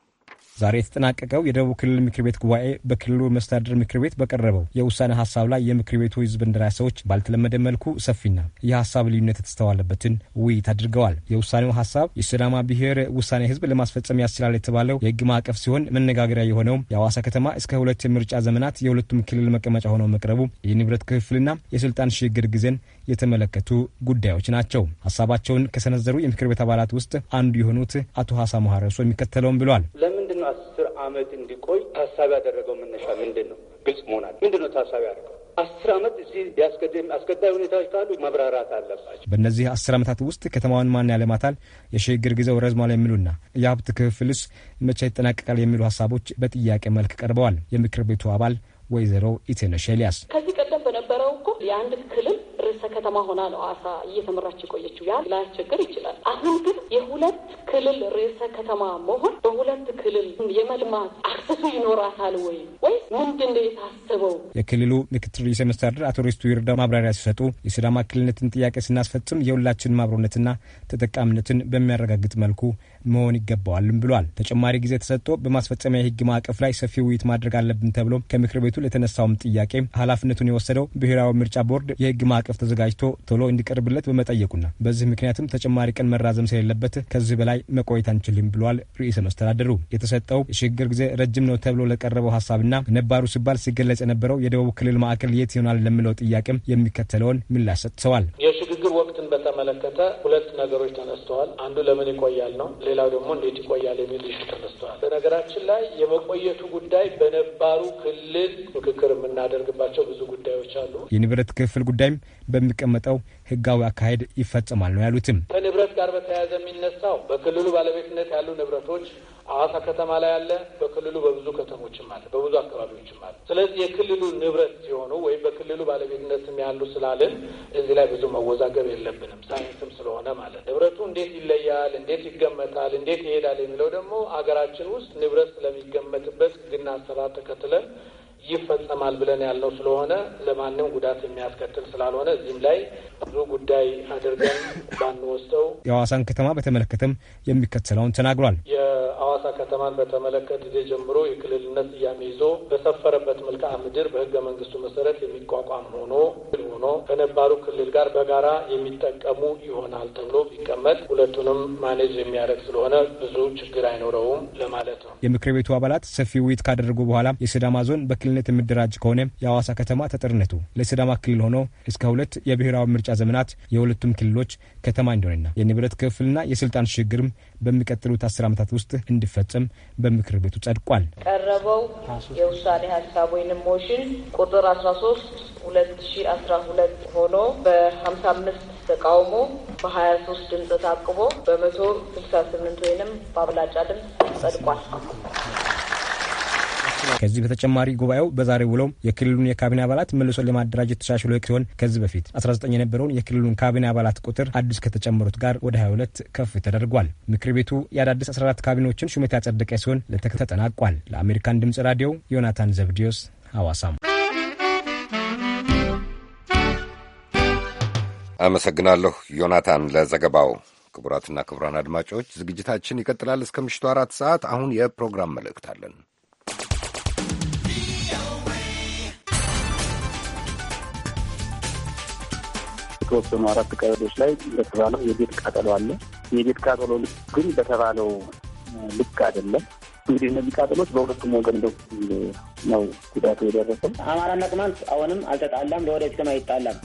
Speaker 14: ዛሬ የተጠናቀቀው የደቡብ ክልል ምክር ቤት ጉባኤ በክልሉ መስተዳድር ምክር ቤት በቀረበው የውሳኔ ሀሳብ ላይ የምክር ቤቱ ህዝብ እንደራሴዎች ባልተለመደ መልኩ ሰፊና የሀሳብ ልዩነት የተስተዋለበትን ውይይት አድርገዋል። የውሳኔው ሀሳብ የሲዳማ ብሔር ውሳኔ ህዝብ ለማስፈጸም ያስችላል የተባለው የህግ ማዕቀፍ ሲሆን መነጋገሪያ የሆነውም የአዋሳ ከተማ እስከ ሁለት የምርጫ ዘመናት የሁለቱም ክልል መቀመጫ ሆነው መቅረቡ የንብረት ክፍፍልና የስልጣን ሽግግር ጊዜን የተመለከቱ ጉዳዮች ናቸው። ሀሳባቸውን ከሰነዘሩ የምክር ቤት አባላት ውስጥ አንዱ የሆኑት አቶ ሀሳ መሐረሶ የሚከተለውም ብሏል።
Speaker 13: ለምንድን ነው አስር አመት እንዲቆይ ታሳቢ ያደረገው መነሻ ምንድን ነው? ግልጽ መሆናል። ምንድን ነው ታሳቢ ያደርገው? አስር አመት እዚህ አስገዳይ ሁኔታዎች ካሉ መብራራት አለባቸው።
Speaker 14: በእነዚህ አስር አመታት ውስጥ ከተማዋን ማን ያለማታል፣ የሽግግር ጊዜው ረዝሟል የሚሉና የሀብት ክፍፍልስ መቼ ይጠናቀቃል የሚሉ ሀሳቦች በጥያቄ መልክ ቀርበዋል። የምክር ቤቱ አባል ወይዘሮ ኢቴነሽ ኤልያስ
Speaker 1: ከዚህ በኩል የአንድ ክልል ርዕሰ ከተማ ሆና ነው አሳ እየተመራች የቆየችው። ያ ላያስቸግር ይችላል።
Speaker 9: አሁን ግን የሁለት ክልል ርዕሰ ከተማ መሆን በሁለት ክልል የመልማት አክሰሱ ይኖራታል ወይ ወይ ምንድን ነው የታሰበው?
Speaker 14: የክልሉ ምክትል ርዕሰ መስተዳድር አቶ ሪስቱ ይርዳው ማብራሪያ ሲሰጡ የሲዳማ ክልልነትን ጥያቄ ስናስፈጽም የሁላችንም አብሮነትና ተጠቃሚነትን በሚያረጋግጥ መልኩ መሆን ይገባዋልም ብሏል። ተጨማሪ ጊዜ ተሰጥቶ በማስፈጸሚያ የህግ ማዕቀፍ ላይ ሰፊ ውይይት ማድረግ አለብን ተብሎ ከምክር ቤቱ ለተነሳውም ጥያቄ ኃላፊነቱን የወሰደው ብሔራዊ ምርጫ ቦርድ የህግ ማዕቀፍ ተዘጋጅቶ ቶሎ እንዲቀርብለት በመጠየቁና በዚህ ምክንያትም ተጨማሪ ቀን መራዘም ስለሌለበት ከዚህ በላይ መቆየት አንችልም ብሏል። ርዕሰ መስተዳደሩ የተሰጠው የሽግግር ጊዜ ረጅም ነው ተብሎ ለቀረበው ሀሳብና ነባሩ ሲባል ሲገለጽ የነበረው የደቡብ ክልል ማዕከል የት ይሆናል ለሚለው ጥያቄም የሚከተለውን ምላሽ ሰጥተዋል።
Speaker 13: የችግር ወቅትን በተመለከተ ሁለት ነገሮች ተነስተዋል። አንዱ ለምን ይቆያል ነው፣ ሌላው ደግሞ እንዴት ይቆያል የሚል ይሹ ተነስተዋል። በነገራችን ላይ የመቆየቱ ጉዳይ በነባሩ ክልል ምክክር የምናደርግባቸው ብዙ ጉዳዮች አሉ።
Speaker 14: የንብረት ክፍል ጉዳይም በሚቀመጠው ህጋዊ አካሄድ ይፈጸማል ነው ያሉትም።
Speaker 13: ከንብረት ጋር በተያያዘ የሚነሳው በክልሉ ባለቤትነት ያሉ ንብረቶች ሐዋሳ ከተማ ላይ አለ። በክልሉ በብዙ ከተሞችም አለ፣ በብዙ አካባቢዎችም አለ። ስለዚህ የክልሉ ንብረት ሲሆኑ ወይም በክልሉ ባለቤትነትም ያሉ ስላልን እዚህ ላይ ብዙ መወዛገብ የለብንም። ሳይንስም ስለሆነ ማለት ንብረቱ እንዴት ይለያል፣ እንዴት ይገመታል፣ እንዴት ይሄዳል የሚለው ደግሞ አገራችን ውስጥ ንብረት ስለሚገመትበት ሕግና አሰራር ተከትለን ይፈጸማል ብለን ያልነው ስለሆነ ለማንም ጉዳት የሚያስከትል ስላልሆነ እዚህም ላይ ብዙ ጉዳይ አድርገን ባንወስደው።
Speaker 14: የሐዋሳን ከተማ በተመለከተም የሚከተለውን ተናግሯል።
Speaker 13: የሐዋሳ ከተማን በተመለከተ ጊዜ ጀምሮ የክልልነት ስያሜ ይዞ በሰፈረበት መልክዓ ምድር በህገ መንግስቱ መሰረት የሚቋቋም ሆኖ ሆኖ ከነባሩ ክልል ጋር በጋራ የሚጠቀሙ ይሆናል ተብሎ ቢቀመጥ ሁለቱንም ማኔጅ የሚያደርግ ስለሆነ ብዙ ችግር አይኖረውም ለማለት
Speaker 14: ነው። የምክር ቤቱ አባላት ሰፊ ውይይት ካደረጉ በኋላ የሲዳማ ዞን በክል በክልልነት የምደራጅ ከሆነ የአዋሳ ከተማ ተጠርነቱ ለሲዳማ ክልል ሆኖ እስከ ሁለት የብሔራዊ ምርጫ ዘመናት የሁለቱም ክልሎች ከተማ እንደሆነና የንብረት ክፍልና የስልጣን ሽግግርም በሚቀጥሉት አስር ዓመታት ውስጥ እንዲፈጸም በምክር ቤቱ ጸድቋል።
Speaker 9: ቀረበው የውሳኔ ሀሳብ ወይንም ሞሽን ቁጥር አስራ ሶስት ሁለት ሺ አስራ ሁለት ሆኖ በሀምሳ አምስት ተቃውሞ በሀያ ሶስት ድምፅ ታቅቦ በመቶ ስልሳ ስምንት ወይንም በአብላጫ ድምፅ
Speaker 1: ጸድቋል።
Speaker 14: ከዚህ በተጨማሪ ጉባኤው በዛሬው ውሎም የክልሉን የካቢኔ አባላት መልሶ ለማደራጀት ተሻሽሎ ሲሆን ከዚህ በፊት 19 የነበረውን የክልሉን ካቢኔ አባላት ቁጥር አዲስ ከተጨመሩት ጋር ወደ 22 ከፍ ተደርጓል። ምክር ቤቱ የአዳዲስ 14 ካቢኔዎችን ሹመት ያጸደቀ ሲሆን ለተከታታይ ተጠናቋል። ለአሜሪካን ድምጽ ራዲዮ ዮናታን ዘብዲዮስ ሐዋሳም
Speaker 2: አመሰግናለሁ ዮናታን ለዘገባው። ክቡራትና ክቡራን አድማጮች ዝግጅታችን ይቀጥላል እስከ ምሽቱ አራት ሰዓት። አሁን የፕሮግራም መልእክት አለን።
Speaker 7: የተወሰኑ አራት ቀበሌዎች ላይ በተባለው የቤት ቃጠሎ አለ።
Speaker 5: የቤት ቃጠሎ ግን በተባለው ልክ አይደለም። እንግዲህ እነዚህ ቃጠሎች በሁለቱም ወገን በኩል ነው ጉዳቱ የደረሰው።
Speaker 4: አማራና ቅማንት አሁንም አልተጣላም፣ ለወደፊትም አይጣላም።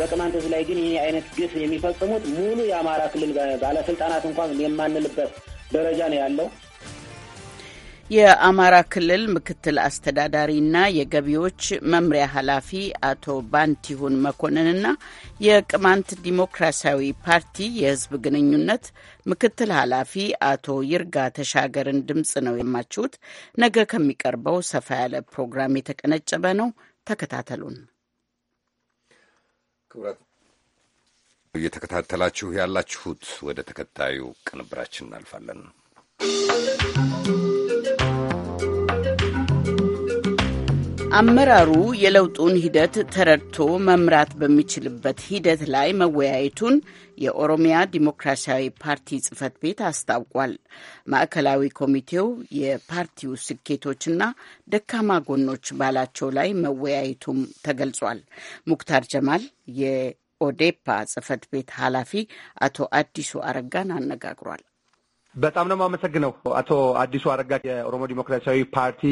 Speaker 4: በቅማንት ህዝብ ላይ ግን ይህ አይነት ግፍ የሚፈጽሙት ሙሉ የአማራ ክልል
Speaker 13: ባለስልጣናት እንኳን የማንልበት ደረጃ ነው ያለው።
Speaker 1: የአማራ ክልል ምክትል አስተዳዳሪና የገቢዎች መምሪያ ኃላፊ አቶ ባንቲሁን መኮንንና የቅማንት ዲሞክራሲያዊ ፓርቲ የሕዝብ ግንኙነት ምክትል ኃላፊ አቶ ይርጋ ተሻገርን ድምፅ ነው የማችሁት። ነገ ከሚቀርበው ሰፋ ያለ ፕሮግራም የተቀነጨበ ነው። ተከታተሉን።
Speaker 2: እየተከታተላችሁ ያላችሁት ወደ ተከታዩ ቅንብራችን እናልፋለን።
Speaker 1: አመራሩ የለውጡን ሂደት ተረድቶ መምራት በሚችልበት ሂደት ላይ መወያየቱን የኦሮሚያ ዲሞክራሲያዊ ፓርቲ ጽህፈት ቤት አስታውቋል። ማዕከላዊ ኮሚቴው የፓርቲው ስኬቶችና ደካማ ጎኖች ባላቸው ላይ መወያየቱም ተገልጿል። ሙክታር ጀማል የኦዴፓ ጽህፈት ቤት ኃላፊ አቶ አዲሱ አረጋን አነጋግሯል።
Speaker 4: በጣም ነው የማመሰግነው አቶ አዲሱ አረጋ የኦሮሞ ዲሞክራሲያዊ ፓርቲ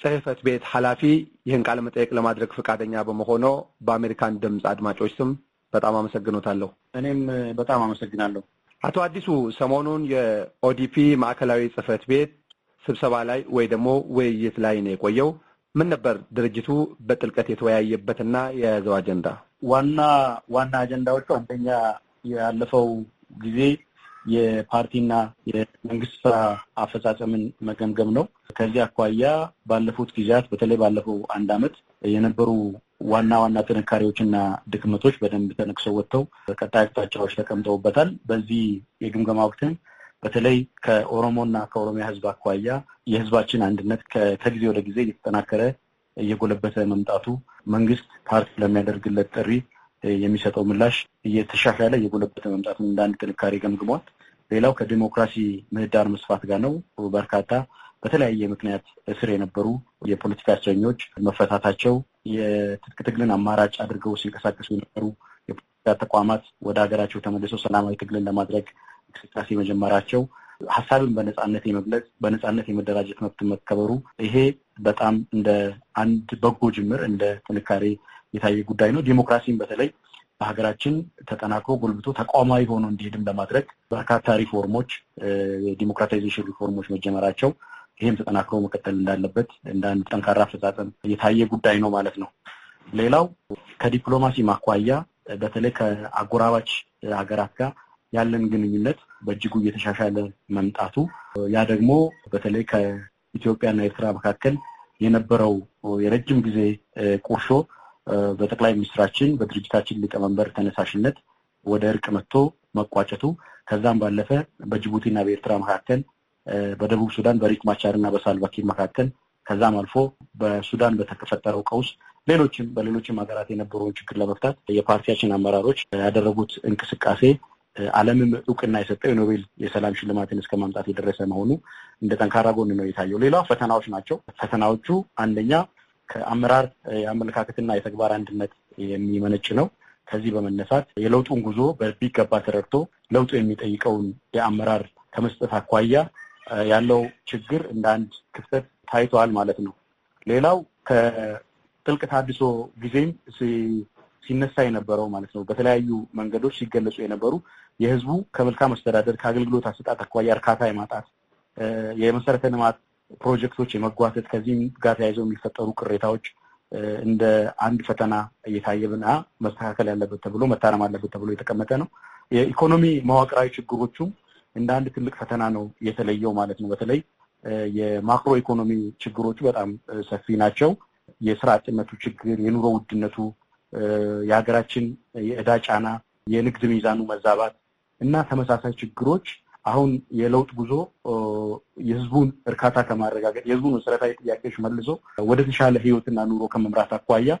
Speaker 4: ጽህፈት ቤት ኃላፊ ይህን ቃለ መጠየቅ ለማድረግ ፈቃደኛ በመሆኖ በአሜሪካን ድምፅ አድማጮች ስም በጣም አመሰግኖታለሁ። እኔም በጣም አመሰግናለሁ። አቶ አዲሱ ሰሞኑን የኦዲፒ ማዕከላዊ ጽህፈት ቤት ስብሰባ ላይ ወይ ደግሞ ውይይት ላይ ነው የቆየው። ምን ነበር ድርጅቱ በጥልቀት የተወያየበትና የያዘው አጀንዳ? ዋና ዋና አጀንዳዎቹ አንደኛ ያለፈው ጊዜ
Speaker 5: የፓርቲና የመንግስት ስራ አፈጻጸምን መገምገም ነው። ከዚህ አኳያ ባለፉት ጊዜያት በተለይ ባለፈው አንድ አመት የነበሩ ዋና ዋና ጥንካሬዎችና ድክመቶች በደንብ ተነቅሰው ወጥተው ቀጣይ አቅጣጫዎች ተቀምጠውበታል። በዚህ የግምገማ ወቅትም በተለይ ከኦሮሞና ከኦሮሚያ ህዝብ አኳያ የህዝባችን አንድነት ከጊዜ ወደ ጊዜ እየተጠናከረ እየጎለበተ መምጣቱ መንግስት ፓርቲ ለሚያደርግለት ጥሪ የሚሰጠው ምላሽ እየተሻሻለ እየጎለበተ መምጣቱን እንደ አንድ ጥንካሬ ገምግሟል። ሌላው ከዲሞክራሲ ምህዳር መስፋት ጋር ነው። በርካታ በተለያየ ምክንያት እስር የነበሩ የፖለቲካ እስረኞች መፈታታቸው፣ የትጥቅ ትግልን አማራጭ አድርገው ሲንቀሳቀሱ የነበሩ የፖለቲካ ተቋማት ወደ ሀገራቸው ተመልሰው ሰላማዊ ትግልን ለማድረግ እንቅስቃሴ መጀመራቸው፣ ሀሳብን በነፃነት የመግለጽ በነጻነት የመደራጀት መብት መከበሩ፣ ይሄ በጣም እንደ አንድ በጎ ጅምር እንደ ጥንካሬ የታየ ጉዳይ ነው። ዲሞክራሲን በተለይ በሀገራችን ተጠናክሮ ጎልብቶ ተቋማዊ ሆኖ እንዲሄድም ለማድረግ በርካታ ሪፎርሞች፣ የዲሞክራታይዜሽን ሪፎርሞች መጀመራቸው ይህም ተጠናክሮ መቀጠል እንዳለበት እንደ አንድ ጠንካራ አፈጻጸም የታየ ጉዳይ ነው ማለት ነው። ሌላው ከዲፕሎማሲ ማኳያ በተለይ ከአጎራባች ሀገራት ጋር ያለን ግንኙነት በእጅጉ እየተሻሻለ መምጣቱ ያ ደግሞ በተለይ ከኢትዮጵያና ኤርትራ መካከል የነበረው የረጅም ጊዜ ቁርሾ በጠቅላይ ሚኒስትራችን በድርጅታችን ሊቀመንበር ተነሳሽነት ወደ እርቅ መጥቶ መቋጨቱ ከዛም ባለፈ በጅቡቲና በኤርትራ መካከል በደቡብ ሱዳን በሪክ ማቻር እና በሳልቫኪር መካከል ከዛም አልፎ በሱዳን በተፈጠረው ቀውስ ሌሎችም በሌሎችም ሀገራት የነበረውን ችግር ለመፍታት የፓርቲያችን አመራሮች ያደረጉት እንቅስቃሴ ዓለምም እውቅና የሰጠው የኖቤል የሰላም ሽልማትን እስከ ማምጣት የደረሰ መሆኑ እንደ ጠንካራ ጎን ነው የታየው። ሌላ ፈተናዎች ናቸው። ፈተናዎቹ አንደኛ ከአመራር የአመለካከትና የተግባር አንድነት የሚመነጭ ነው። ከዚህ በመነሳት የለውጡን ጉዞ በሚገባ ተረድቶ ለውጡ የሚጠይቀውን የአመራር ከመስጠት አኳያ ያለው ችግር እንደ አንድ ክፍተት ታይቷል ማለት ነው። ሌላው ከጥልቅ ታድሶ ጊዜም ሲነሳ የነበረው ማለት ነው በተለያዩ መንገዶች ሲገለጹ የነበሩ የህዝቡ ከመልካም አስተዳደር ከአገልግሎት አሰጣጥ አኳያ እርካታ የማጣት የመሰረተ ልማት ፕሮጀክቶች የመጓተት ከዚህም ጋር ተያይዘው የሚፈጠሩ ቅሬታዎች እንደ አንድ ፈተና እየታየብና መስተካከል ያለበት ተብሎ መታረም አለበት ተብሎ የተቀመጠ ነው። የኢኮኖሚ መዋቅራዊ ችግሮቹም እንደ አንድ ትልቅ ፈተና ነው የተለየው ማለት ነው። በተለይ የማክሮ ኢኮኖሚ ችግሮቹ በጣም ሰፊ ናቸው። የስራ አጥነቱ ችግር፣ የኑሮ ውድነቱ፣ የሀገራችን የእዳ ጫና፣ የንግድ ሚዛኑ መዛባት እና ተመሳሳይ ችግሮች አሁን የለውጥ ጉዞ የህዝቡን እርካታ ከማረጋገጥ የህዝቡን መሰረታዊ ጥያቄዎች መልሶ ወደ ተሻለ ህይወትና ኑሮ ከመምራት አኳያ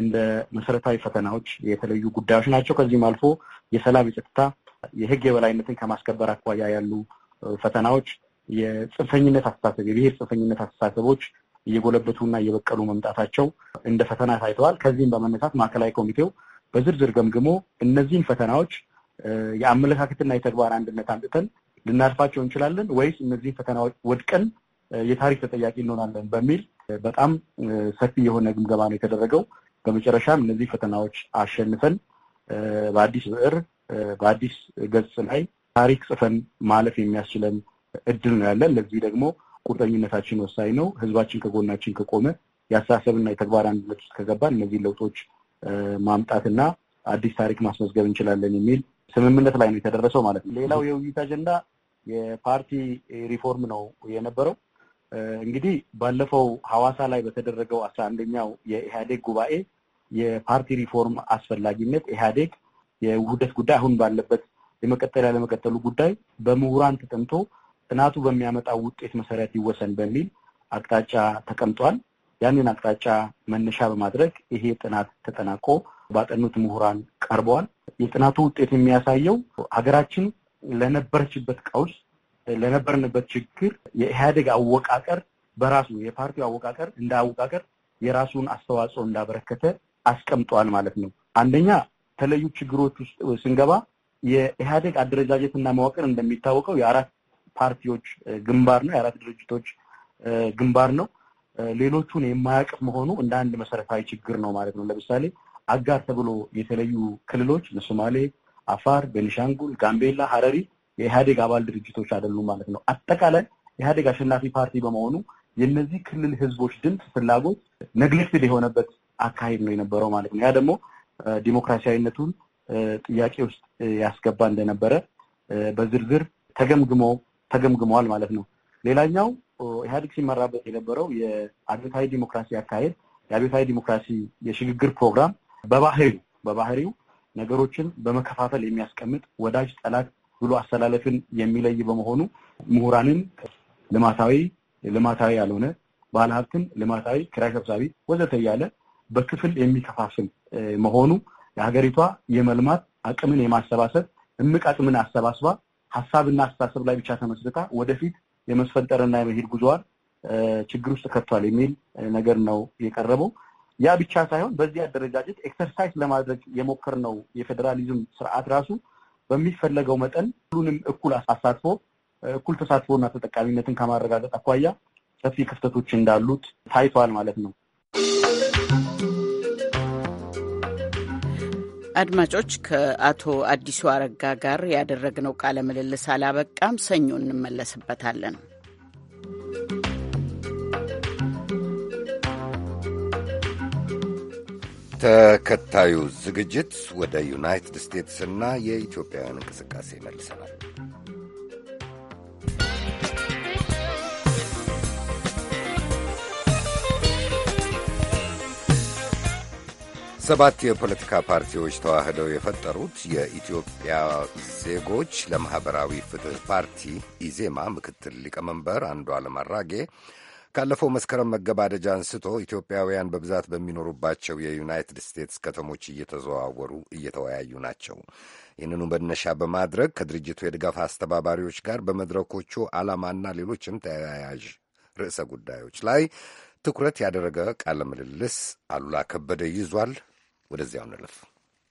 Speaker 5: እንደ መሰረታዊ ፈተናዎች የተለዩ ጉዳዮች ናቸው። ከዚህም አልፎ የሰላም፣ የጸጥታ፣ የህግ የበላይነትን ከማስከበር አኳያ ያሉ ፈተናዎች፣ የጽንፈኝነት አስተሳሰብ የብሔር ጽንፈኝነት አስተሳሰቦች እየጎለበቱና እየበቀሉ መምጣታቸው እንደ ፈተና ታይተዋል። ከዚህም በመነሳት ማዕከላዊ ኮሚቴው በዝርዝር ገምግሞ እነዚህን ፈተናዎች የአመለካከትና የተግባር አንድነት አምጥተን ልናልፋቸው እንችላለን ወይስ እነዚህ ፈተናዎች ወድቀን የታሪክ ተጠያቂ እንሆናለን በሚል በጣም ሰፊ የሆነ ግምገማ ነው የተደረገው። በመጨረሻም እነዚህ ፈተናዎች አሸንፈን በአዲስ ብዕር በአዲስ ገጽ ላይ ታሪክ ጽፈን ማለፍ የሚያስችለን እድል ነው ያለን። ለዚህ ደግሞ ቁርጠኝነታችን ወሳኝ ነው። ህዝባችን ከጎናችን ከቆመ የአስተሳሰብና የተግባር አንድነት ውስጥ ከገባን እነዚህ ለውጦች ማምጣትና አዲስ ታሪክ ማስመዝገብ እንችላለን የሚል ስምምነት ላይ ነው የተደረሰው ማለት ነው። ሌላው የውይይት አጀንዳ የፓርቲ ሪፎርም ነው የነበረው። እንግዲህ ባለፈው ሐዋሳ ላይ በተደረገው አስራ አንደኛው የኢህአዴግ ጉባኤ የፓርቲ ሪፎርም አስፈላጊነት ኢህአዴግ የውህደት ጉዳይ አሁን ባለበት የመቀጠል ያለመቀጠሉ ጉዳይ በምሁራን ተጠምቶ ጥናቱ በሚያመጣው ውጤት መሰረት ይወሰን በሚል አቅጣጫ ተቀምጧል። ያንን አቅጣጫ መነሻ በማድረግ ይሄ ጥናት ተጠናቆ ባጠኑት ምሁራን ቀርበዋል። የጥናቱ ውጤት የሚያሳየው ሀገራችን ለነበረችበት ቀውስ ለነበርንበት ችግር የኢህአዴግ አወቃቀር በራሱ የፓርቲው አወቃቀር እንደ አወቃቀር የራሱን አስተዋጽኦ እንዳበረከተ አስቀምጧል ማለት ነው። አንደኛ ተለዩ ችግሮች ውስጥ ስንገባ የኢህአዴግ እና መዋቅር እንደሚታወቀው የአራት ፓርቲዎች ግንባር ነው። የአራት ድርጅቶች ግንባር ነው። ሌሎቹን የማያቅፍ መሆኑ እንደ አንድ መሰረታዊ ችግር ነው ማለት ነው። ለምሳሌ አጋር ተብሎ የተለዩ ክልሎች ሶማሌ፣ አፋር፣ ቤኒሻንጉል፣ ጋምቤላ፣ ሀረሪ የኢህአዴግ አባል ድርጅቶች አይደሉም ማለት ነው። አጠቃላይ ኢህአዴግ አሸናፊ ፓርቲ በመሆኑ የእነዚህ ክልል ህዝቦች ድምፅ፣ ፍላጎት ነግሌክትድ የሆነበት አካሄድ ነው የነበረው ማለት ነው። ያ ደግሞ ዲሞክራሲያዊነቱን ጥያቄ ውስጥ ያስገባ እንደነበረ በዝርዝር ተገምግሞ ተገምግመዋል ማለት ነው። ሌላኛው ኢህአዴግ ሲመራበት የነበረው የአብዮታዊ ዲሞክራሲ አካሄድ የአብዮታዊ ዲሞክራሲ የሽግግር ፕሮግራም በባህሪው በባህሪው ነገሮችን በመከፋፈል የሚያስቀምጥ ወዳጅ ጠላት ብሎ አሰላለፍን የሚለይ በመሆኑ ምሁራንን ልማታዊ፣ ልማታዊ ያልሆነ ባለሀብትን ልማታዊ፣ ኪራይ ሰብሳቢ ወዘተ እያለ በክፍል የሚከፋፍል መሆኑ የሀገሪቷ የመልማት አቅምን የማሰባሰብ እምቅ አቅምን አሰባስባ ሀሳብና አስተሳሰብ ላይ ብቻ ተመስርታ ወደፊት የመስፈንጠርና የመሄድ ጉዞዋን ችግር ውስጥ ከቷል የሚል ነገር ነው የቀረበው። ያ ብቻ ሳይሆን በዚህ አደረጃጀት ኤክሰርሳይዝ ለማድረግ ነው የፌዴራሊዝም ስርዓት ራሱ በሚፈለገው መጠን ሁሉንም እኩል አሳትፎ እኩል ተሳትፎና ተጠቃሚነትን ከማረጋገጥ አኳያ ሰፊ ክፍተቶች እንዳሉት ታይቷል ማለት ነው።
Speaker 1: አድማጮች ከአቶ አዲሱ አረጋ ጋር ያደረግነው ቃለ ምልልስ አላበቃም። ሰኞ እንመለስበታለን።
Speaker 2: ተከታዩ ዝግጅት ወደ ዩናይትድ ስቴትስና የኢትዮጵያውያን እንቅስቃሴ ይመልሰናል። ሰባት የፖለቲካ ፓርቲዎች ተዋህደው የፈጠሩት የኢትዮጵያ ዜጎች ለማኅበራዊ ፍትሕ ፓርቲ ኢዜማ ምክትል ሊቀመንበር አንዱዓለም አራጌ ካለፈው መስከረም መገባደጃ አንስቶ ኢትዮጵያውያን በብዛት በሚኖሩባቸው የዩናይትድ ስቴትስ ከተሞች እየተዘዋወሩ እየተወያዩ ናቸው። ይህንኑ መነሻ በማድረግ ከድርጅቱ የድጋፍ አስተባባሪዎች ጋር በመድረኮቹ ዓላማና ሌሎችም ተያያዥ ርዕሰ ጉዳዮች ላይ ትኩረት ያደረገ ቃለ ምልልስ አሉላ ከበደ ይዟል። ወደዚያው እንለፍ።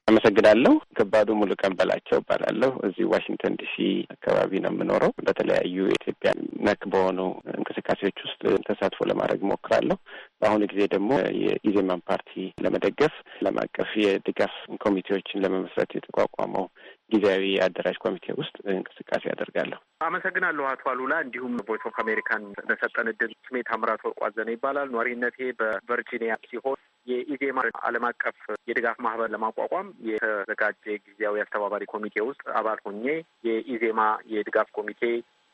Speaker 7: አመሰግናለሁ። ከባዱ ሙሉቀን በላቸው እባላለሁ። እዚህ ዋሽንግተን ዲሲ አካባቢ ነው የምኖረው። በተለያዩ የኢትዮጵያ ነክ በሆኑ እንቅስቃሴዎች ውስጥ ተሳትፎ ለማድረግ ሞክራለሁ። በአሁኑ ጊዜ ደግሞ የኢዜማን ፓርቲ ለመደገፍ ዓለም አቀፍ የድጋፍ ኮሚቴዎችን ለመመስረት የተቋቋመው ጊዜያዊ አደራጅ ኮሚቴ ውስጥ እንቅስቃሴ አደርጋለሁ።
Speaker 8: አመሰግናለሁ አቶ አሉላ፣ እንዲሁም ቮይስ ኦፍ አሜሪካን ለሰጠን እድል። ስሜ ታምራት ወርቋዘነ ይባላል። ኗሪነቴ በቨርጂኒያ ሲሆን የኢዜማ ዓለም አቀፍ የድጋፍ ማህበር ለማቋቋም የተዘጋጀ ጊዜያዊ አስተባባሪ ኮሚቴ ውስጥ አባል ሆኜ የኢዜማ የድጋፍ ኮሚቴ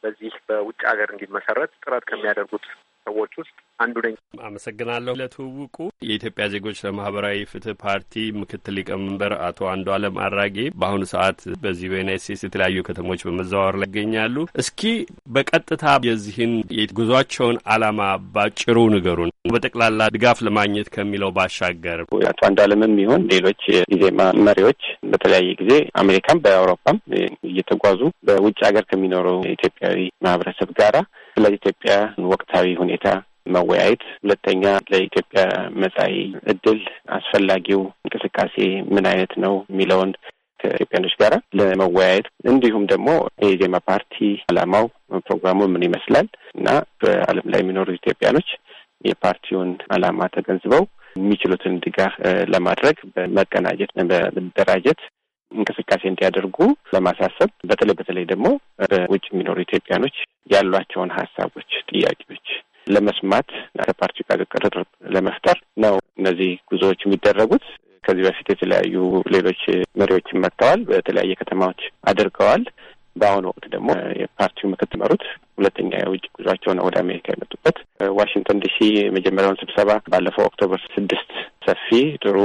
Speaker 8: በዚህ በውጭ ሀገር እንዲመሰረት ጥረት ከሚያደርጉት ሰዎች ውስጥ አንዱ ነኝ።
Speaker 16: አመሰግናለሁ ለትውውቁ። የኢትዮጵያ ዜጎች ለማህበራዊ ፍትህ ፓርቲ ምክትል ሊቀመንበር አቶ አንዱ አለም አራጌ በአሁኑ ሰዓት በዚህ በዩናይት ስቴትስ የተለያዩ ከተሞች በመዘዋወር ላይ ይገኛሉ። እስኪ በቀጥታ የዚህን የጉዟቸውን አላማ ባጭሩ ንገሩን። በጠቅላላ ድጋፍ ለማግኘት ከሚለው ባሻገር
Speaker 7: አቶ አንዱ አለምም ይሁን ሌሎች ኢዜማ መሪዎች በተለያየ ጊዜ አሜሪካም በአውሮፓም እየተጓዙ በውጭ ሀገር ከሚኖረው ኢትዮጵያዊ ማህበረሰብ ጋራ ስለ ኢትዮጵያ ወቅታዊ ሁኔታ መወያየት፣ ሁለተኛ ለኢትዮጵያ መጻኢ እድል አስፈላጊው እንቅስቃሴ ምን አይነት ነው የሚለውን ከኢትዮጵያኖች ጋር ለመወያየት እንዲሁም ደግሞ የኢዜማ ፓርቲ አላማው ፕሮግራሙ ምን ይመስላል እና በዓለም ላይ የሚኖሩ ኢትዮጵያኖች የፓርቲውን አላማ ተገንዝበው የሚችሉትን ድጋፍ ለማድረግ በመቀናጀት በመደራጀት እንቅስቃሴ እንዲያደርጉ ለማሳሰብ በተለይ በተለይ ደግሞ በውጭ የሚኖሩ ኢትዮጵያኖች ያሏቸውን ሀሳቦች፣ ጥያቄዎች ለመስማት ከፓርቲ ጋር ቅርር ለመፍጠር ነው እነዚህ ጉዞዎች የሚደረጉት። ከዚህ በፊት የተለያዩ ሌሎች መሪዎችን መጥተዋል፣ በተለያየ ከተማዎች አድርገዋል። በአሁኑ ወቅት ደግሞ የፓርቲው ምክትል መሩት ሁለተኛ የውጭ ነው ወደ አሜሪካ የመጡበት ዋሽንግተን ዲሲ የመጀመሪያውን ስብሰባ ባለፈው ኦክቶበር ስድስት ሰፊ ጥሩ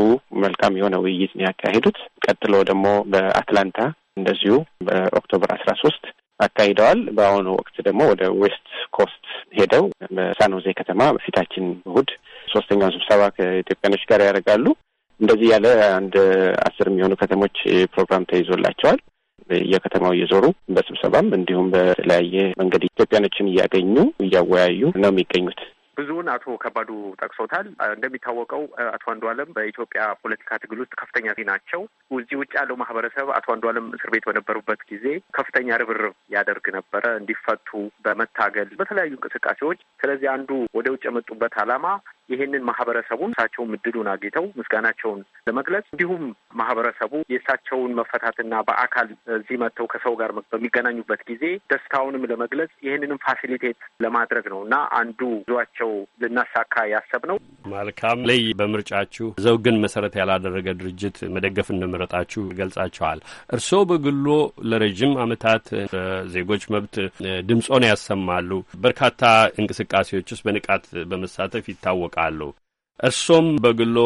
Speaker 7: መልካም የሆነ ውይይት ነው ያካሄዱት። ቀጥሎ ደግሞ በአትላንታ እንደዚሁ በኦክቶበር አስራ ሶስት አካሂደዋል። በአሁኑ ወቅት ደግሞ ወደ ዌስት ኮስት ሄደው በሳንሆዜ ከተማ በፊታችን እሁድ ሶስተኛውን ስብሰባ ከኢትዮጵያኖች ጋር ያደርጋሉ። እንደዚህ ያለ አንድ አስር የሚሆኑ ከተሞች ፕሮግራም ተይዞላቸዋል። የከተማው እየዞሩ በስብሰባም እንዲሁም በተለያየ መንገድ ኢትዮጵያኖችን እያገኙ እያወያዩ ነው የሚገኙት።
Speaker 8: ብዙውን አቶ ከባዱ ጠቅሶታል። እንደሚታወቀው አቶ አንዱ አለም በኢትዮጵያ ፖለቲካ ትግል ውስጥ ከፍተኛ ናቸው። እዚህ ውጭ ያለው ማህበረሰብ አቶ አንዱ አለም እስር ቤት በነበሩበት ጊዜ ከፍተኛ ርብርብ ያደርግ ነበረ እንዲፈቱ በመታገል በተለያዩ እንቅስቃሴዎች። ስለዚህ አንዱ ወደ ውጭ የመጡበት አላማ ይህንን ማህበረሰቡን እሳቸውም እድሉን አግኝተው ምስጋናቸውን ለመግለጽ እንዲሁም ማህበረሰቡ የእሳቸውን መፈታትና በአካል እዚህ መጥተው ከሰው ጋር በሚገናኙበት ጊዜ ደስታውንም ለመግለጽ ይህንንም ፋሲሊቴት ለማድረግ ነው እና አንዱ ዟቸው ልናሳካ ያሰብነው
Speaker 16: መልካም ላይ በምርጫችሁ ዘውግን መሰረት ያላደረገ ድርጅት መደገፍ እንደመረጣችሁ ገልጻችኋል። እርስዎ በግሎ ለረዥም ዓመታት ዜጎች መብት ድምጾን ያሰማሉ። በርካታ እንቅስቃሴዎች ውስጥ በንቃት በመሳተፍ ይታወቃል። ይመርጣሉ። እርሶም በግሎ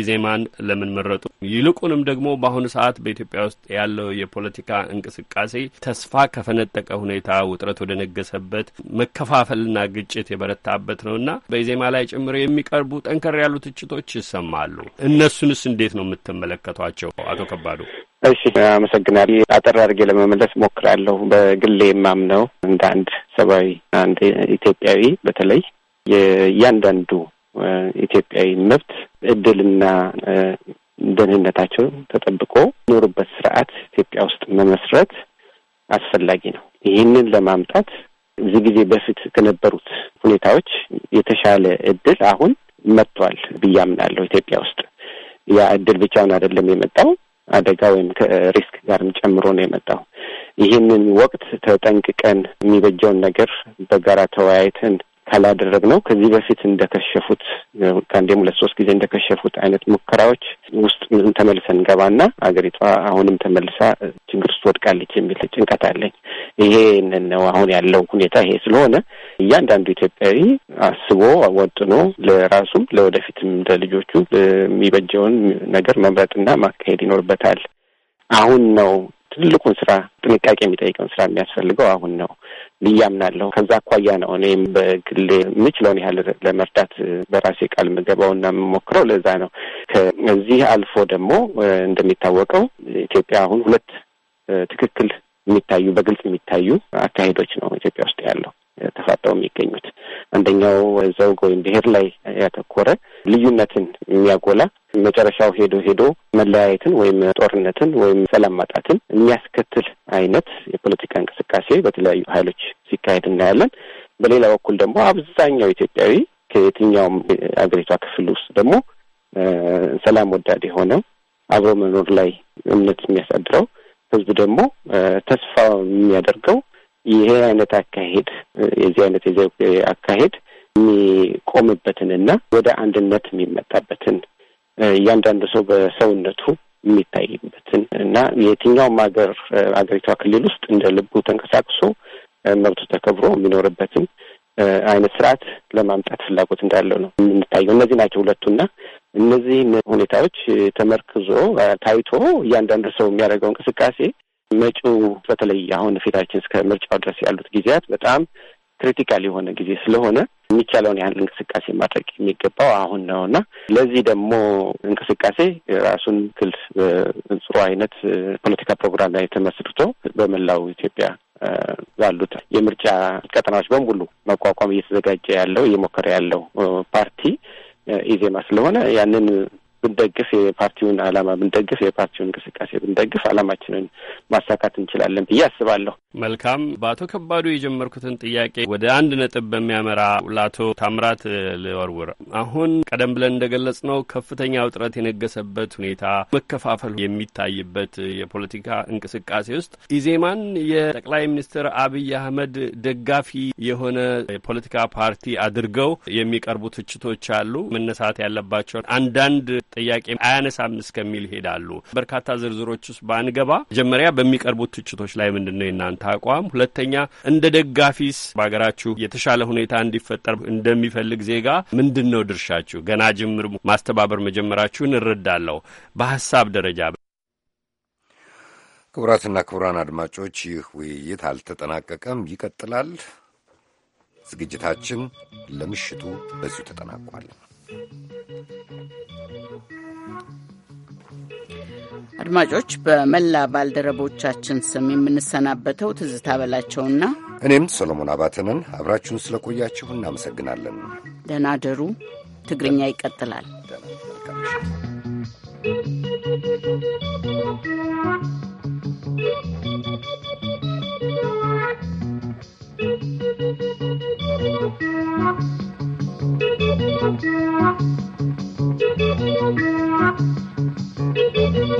Speaker 16: ኢዜማን ለምን መረጡ? ይልቁንም ደግሞ በአሁኑ ሰዓት በኢትዮጵያ ውስጥ ያለው የፖለቲካ እንቅስቃሴ ተስፋ ከፈነጠቀ ሁኔታ ውጥረት ወደ ነገሰበት መከፋፈልና ግጭት የበረታበት ነውና በኢዜማ ላይ ጭምሮ የሚቀርቡ ጠንከር ያሉ ትችቶች ይሰማሉ። እነሱንስ እንዴት ነው የምትመለከቷቸው? አቶ ከባዱ።
Speaker 7: እሺ፣ አመሰግናለሁ። አጠር አድርጌ ለመመለስ ሞክራለሁ። በግሌ የማምነው እንደ አንድ ሰብአዊ አንድ ኢትዮጵያዊ በተለይ የእያንዳንዱ ኢትዮጵያዊ መብት እድልና ደህንነታቸው ተጠብቆ ኖሩበት ስርዓት ኢትዮጵያ ውስጥ መመስረት አስፈላጊ ነው። ይህንን ለማምጣት እዚህ ጊዜ በፊት ከነበሩት ሁኔታዎች የተሻለ እድል አሁን መጥቷል ብዬ አምናለሁ። ኢትዮጵያ ውስጥ ያ እድል ብቻውን አይደለም የመጣው አደጋ ወይም ከሪስክ ጋርም ጨምሮ ነው የመጣው። ይህንን ወቅት ተጠንቅቀን የሚበጀውን ነገር በጋራ ተወያይተን ካላደረግ ነው ከዚህ በፊት እንደከሸፉት ከአንዴም ሁለት ሶስት ጊዜ እንደከሸፉት አይነት ሙከራዎች ውስጥ ተመልሰን እንገባና አገሪቷ አሁንም ተመልሳ ችግር ውስጥ ወድቃለች የሚል ጭንቀት አለኝ። ይሄ ነው አሁን ያለው ሁኔታ። ይሄ ስለሆነ እያንዳንዱ ኢትዮጵያዊ አስቦ ወጥኖ ለራሱም ለወደፊትም ለልጆቹ የሚበጀውን ነገር መምረጥና ማካሄድ ይኖርበታል። አሁን ነው ትልቁን ስራ ጥንቃቄ የሚጠይቀውን ስራ የሚያስፈልገው አሁን ነው። ብያምናለሁ። ከዛ አኳያ ነው እኔም በግሌ የምችለውን ያህል ለመርዳት በራሴ ቃል እና የምሞክረው ለዛ ነው። ከዚህ አልፎ ደግሞ እንደሚታወቀው ኢትዮጵያ አሁን ሁለት ትክክል የሚታዩ በግልጽ የሚታዩ አካሄዶች ነው ኢትዮጵያ ውስጥ ያለው ተፋጠው የሚገኙት። አንደኛው ዘውግ ወይም ብሔር ላይ ያተኮረ ልዩነትን የሚያጎላ መጨረሻው ሄዶ ሄዶ መለያየትን ወይም ጦርነትን ወይም ሰላም ማጣትን የሚያስከትል አይነት የፖለቲካ እንቅስቃሴ በተለያዩ ኃይሎች ሲካሄድ እናያለን። በሌላ በኩል ደግሞ አብዛኛው ኢትዮጵያዊ ከየትኛውም አገሪቷ ክፍል ውስጥ ደግሞ ሰላም ወዳድ የሆነው አብሮ መኖር ላይ እምነት የሚያሳድረው ህዝብ ደግሞ ተስፋ የሚያደርገው ይሄ አይነት አካሄድ የዚህ አይነት የዚህ አካሄድ የሚቆምበትንና ወደ አንድነት የሚመጣበትን እያንዳንዱ ሰው በሰውነቱ የሚታይበትን እና የትኛውም ሀገር ሀገሪቷ ክልል ውስጥ እንደ ልቡ ተንቀሳቅሶ መብቱ ተከብሮ የሚኖርበትን አይነት ስርዓት ለማምጣት ፍላጎት እንዳለው ነው የምንታየው። እነዚህ ናቸው ሁለቱና እነዚህን ሁኔታዎች ተመርክዞ ታይቶ እያንዳንዱ ሰው የሚያደርገው እንቅስቃሴ መጪው በተለይ አሁን ፊታችን እስከ ምርጫው ድረስ ያሉት ጊዜያት በጣም ክሪቲካል የሆነ ጊዜ ስለሆነ የሚቻለውን ያህል እንቅስቃሴ ማድረግ የሚገባው አሁን ነው እና ለዚህ ደግሞ እንቅስቃሴ ራሱን ክል ጽሩ አይነት ፖለቲካ ፕሮግራም ላይ ተመስርቶ በመላው ኢትዮጵያ ባሉት የምርጫ ቀጠናዎች በሙሉ መቋቋም እየተዘጋጀ ያለው እየሞከረ ያለው ፓርቲ ኢዜማ ስለሆነ ያንን ብንደግፍ የፓርቲውን ዓላማ ብንደግፍ የፓርቲውን እንቅስቃሴ ብንደግፍ አላማችንን ማሳካት እንችላለን ብዬ አስባለሁ።
Speaker 16: መልካም። በአቶ ከባዱ የጀመርኩትን ጥያቄ ወደ አንድ ነጥብ በሚያመራ ለአቶ ታምራት ልወርውር። አሁን ቀደም ብለን እንደገለጽ ነው ከፍተኛ ውጥረት የነገሰበት ሁኔታ፣ መከፋፈል የሚታይበት የፖለቲካ እንቅስቃሴ ውስጥ ኢዜማን የጠቅላይ ሚኒስትር አብይ አህመድ ደጋፊ የሆነ የፖለቲካ ፓርቲ አድርገው የሚቀርቡ ትችቶች አሉ መነሳት ያለባቸው አንዳንድ ጥያቄ አያነሳም እስከሚል ይሄዳሉ። በርካታ ዝርዝሮች ውስጥ ባንገባ፣ መጀመሪያ በሚቀርቡት ትችቶች ላይ ምንድን ነው የእናንተ አቋም? ሁለተኛ እንደ ደጋፊስ በሀገራችሁ የተሻለ ሁኔታ እንዲፈጠር እንደሚፈልግ ዜጋ ምንድን ነው ድርሻችሁ? ገና ጅምር ማስተባበር መጀመራችሁን እረዳለሁ። በሀሳብ
Speaker 2: ደረጃ ክቡራትና ክቡራን አድማጮች ይህ ውይይት አልተጠናቀቀም፣ ይቀጥላል። ዝግጅታችን ለምሽቱ በዚሁ ተጠናቋል።
Speaker 1: አድማጮች በመላ ባልደረቦቻችን ስም የምንሰናበተው ትዝታ በላቸውና
Speaker 2: እኔም ሰሎሞን አባተንን አብራችሁን ስለቆያችሁ እናመሰግናለን።
Speaker 1: ደህና ደሩ። ትግርኛ ይቀጥላል።
Speaker 11: Thank you. እዚ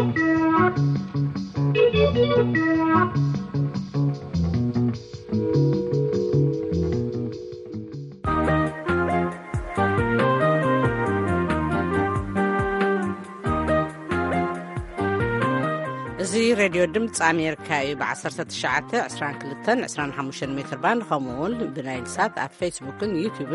Speaker 1: ሬድዮ ድምፂ ኣሜሪካ እዩ ብ192225 ሜትር ባንድ ከምኡውን ብናይልሳት ኣብ ፌስቡክን ዩትብን